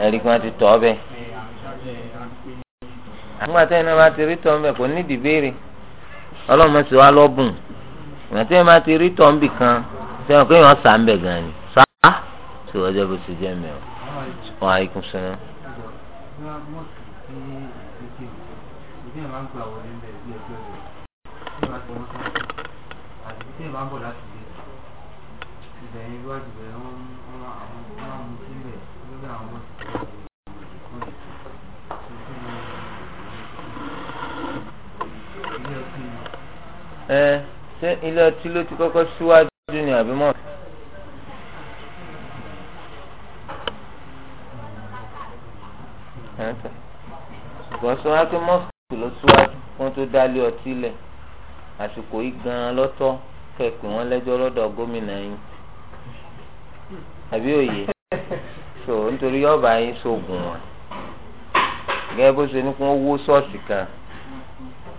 ẹ̀rí kí wọ́n ti tọ́ bẹ́ẹ̀. àwọn àtẹ̀yìn náà bá ti rí tọ́ bẹ́ẹ̀ kò ní ìdìbéèrè ọlọ́mọ sì wá lọ́bùn ìrántí ẹ̀ máa ti rí tọ́ bì kan sẹ́wọ̀n pé wọ́n sà ń bẹ̀ gan ni sá tí wọ́n jẹ́ bó ti jẹ́ mẹ́wọ̀n. wàhálà ikú sẹ́wọ̀n bí ẹ̀ máa ń gbà wọlé ńlẹ̀ bí ẹjọ́ rẹ̀ bí wàá tẹ̀wọ́n sáré àti bí ẹ̀ máa ń bọ̀ láti lè ibẹ̀ yẹn iwájú rẹ̀ wọ́n àwọn máa mú sílẹ̀ lórí àwọn ọmọ tí wọ́n ti kọ́ ẹ ṣé ilé ọtí ló ti kọ́kọ́ síwájú ni àbí mọ́. ṣùgbọ́n sọ wá pé mọ́sí pè lọ síwájú wọn tó dálé ọtí lẹ̀ àsìkò yìí gan-an lọ́tọ̀ kẹ́ pè wọ́n lẹ́jọ́ lọ́dọ̀ gómìnà yín àbí òye so nítorí yọ̀ọ̀bà yín sóògùn wọn gẹ́gẹ́ bó ṣe ní kí wọ́n wó ṣọ́ọ̀ṣì kan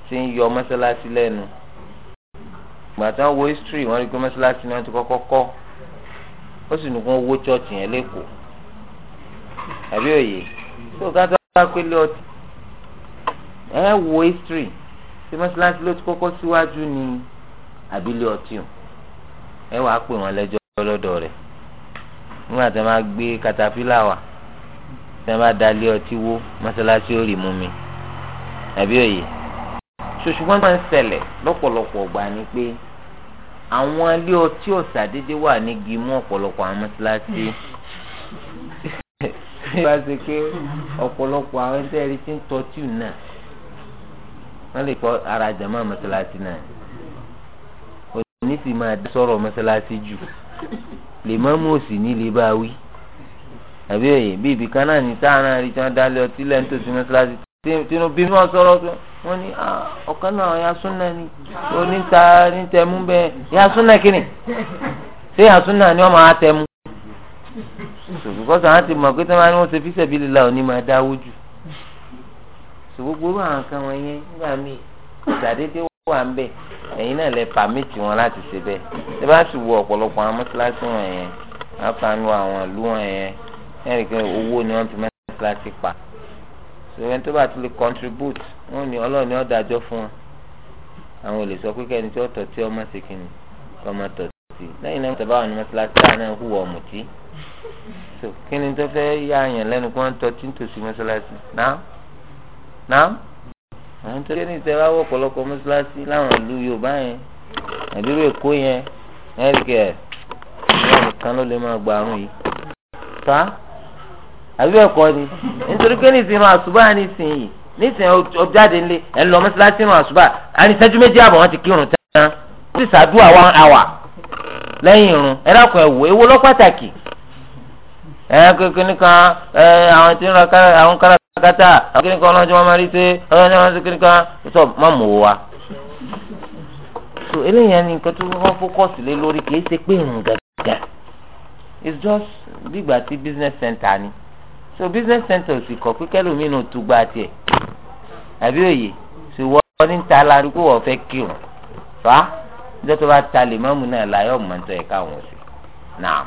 tí ń yọ mọ́ṣáláṣí lẹ́nu ìgbà tí wọ́n wo history wọ́n rí pé mọ́ṣáláṣí ni wọ́n ti kọ́kọ́ kọ́ ó sì ní kí wọ́n wó ṣọ́ọ̀ṣì yẹn lẹ́kọ̀ọ́ àbí òye tó ká tó bá pélé ọtí ẹ wo history ṣé mọ́ṣáláṣí ló ti kọ́kọ́ síwájú ni àbílẹ̀ ọtí o ẹ wàá pè wọ́n lẹ́jọ́ lọ́dọ̀ rẹ̀ nígbà tí wọ́n bá gbé katapila wá tí wọ́n bá dalẹ̀ ọtí wó mọ́ṣáláṣí ó rì mú mi àbí òye ṣùṣùgbọ́n máa ń ṣẹlẹ̀ lọ́pọ̀lọpọ̀ ọgbà ni pé àwọn ilé ọtí ọ̀sà déédéé wà ní gímú ọ̀pọ̀lọpọ̀ àwọn mọ́ṣáláṣí bá ṣe pé ọ̀pọ̀lọpọ̀ àwọn ẹgbẹ́ ti ń tọ́tù náà wọ́n lè kọ́ ara jama mọ́sálásí náà òní sì máa sọ̀rọ̀ mọ́sálásí jù lè má mú òsì ní lè bá wí àbí òye bí ibì kan náà ní sáànà rí tí wọ́n dálé ọtí lẹ́nu tó sí mọ́sálásí tinubu bí wọ́n sọ̀rọ̀ tó wọ́n ní ah, ọ̀kan náà ya ni oníta nítẹ̀mú bẹ́ẹ̀ ya súnà ṣé ya ni wọ́n máa tẹ̀mú. sọ̀rọ̀ kọ́sọ̀ àwọn mọ̀ pé tí wọ́n máa ń ṣe fíṣẹ̀ bí lílà òní máa dáwó jù ṣùgbọ́n irú àwọn kan wọn yẹn nígbà míì ìdàdédé wà ń bẹ̀ ẹ̀yin náà lè pàmìtì wọn láti ṣe bẹ́ẹ̀ ṣé bá sì wo ọ̀pọ̀lọpọ̀ àwọn mọ́ṣáláṣí wọn yẹn àfààní àwọn ìlú wọn yẹn ẹ̀rì pé owó ni wọ́n fi mọ́ṣáláṣí pa ṣùgbọ́n tó bá ti lè contribute wọn ni ọlọ́run ni ó dájọ́ fún wọn àwọn olè sọ pé kẹ́ni tí ó tọ̀ tí ọmọ ṣe kìnnì ọmọ tọ̀ sí lẹ́yìn náà tẹ̀ báwọn ni mọ́ṣáláṣí náà hùwà ọ̀mùtí so kí ni tó fẹ́ yá àyàn lẹ́nu kí wọ́n tọ́ tí ń tòsí mọ́ṣáláṣí náà náà àwọn tó ní ìtẹ́ bá wọ ọ̀pọ̀lọpọ̀ mọ́ṣáláṣí láwọn ìlú Yorùbá yẹn ẹ̀dúró Èkó yẹn ẹ̀ríkẹ̀ ìyá nìkan ló lè máa gba àrùn yìí ta àbí ẹ̀kọ́ ni nítorí pé nísìnyí irun àṣùbà nísìnyí nísìnyí ọjáde ńlẹ̀ ẹ̀ ń lọ mọ́ṣáláṣí irun àṣùbà àníṣẹ́jú méjì àbọ̀ wọn ti kírun tán ó sì ṣàdúrà one hour lẹ́yìn irun ẹ dákun ẹ wò ewo lọ pàtàkì ẹ kékeré nìkan ẹ àwọn tí ń ra àwọn kára kata kíni kan ọlọ́jọ́ máa rí ṣe ọlọ́jọ́ máa rí mamu wa. so eléyìí ni nǹkan tó lé lórí kì ṣe pé it's just bígbà tí business center ni so business center sì kọ̀ pé kẹ́lòmíì náà gba tiẹ̀ àbí òye sì ta la arúgbó kírun fa níjọ́ tó bá ta lè má mú náà láyọ̀ káwọn sí naam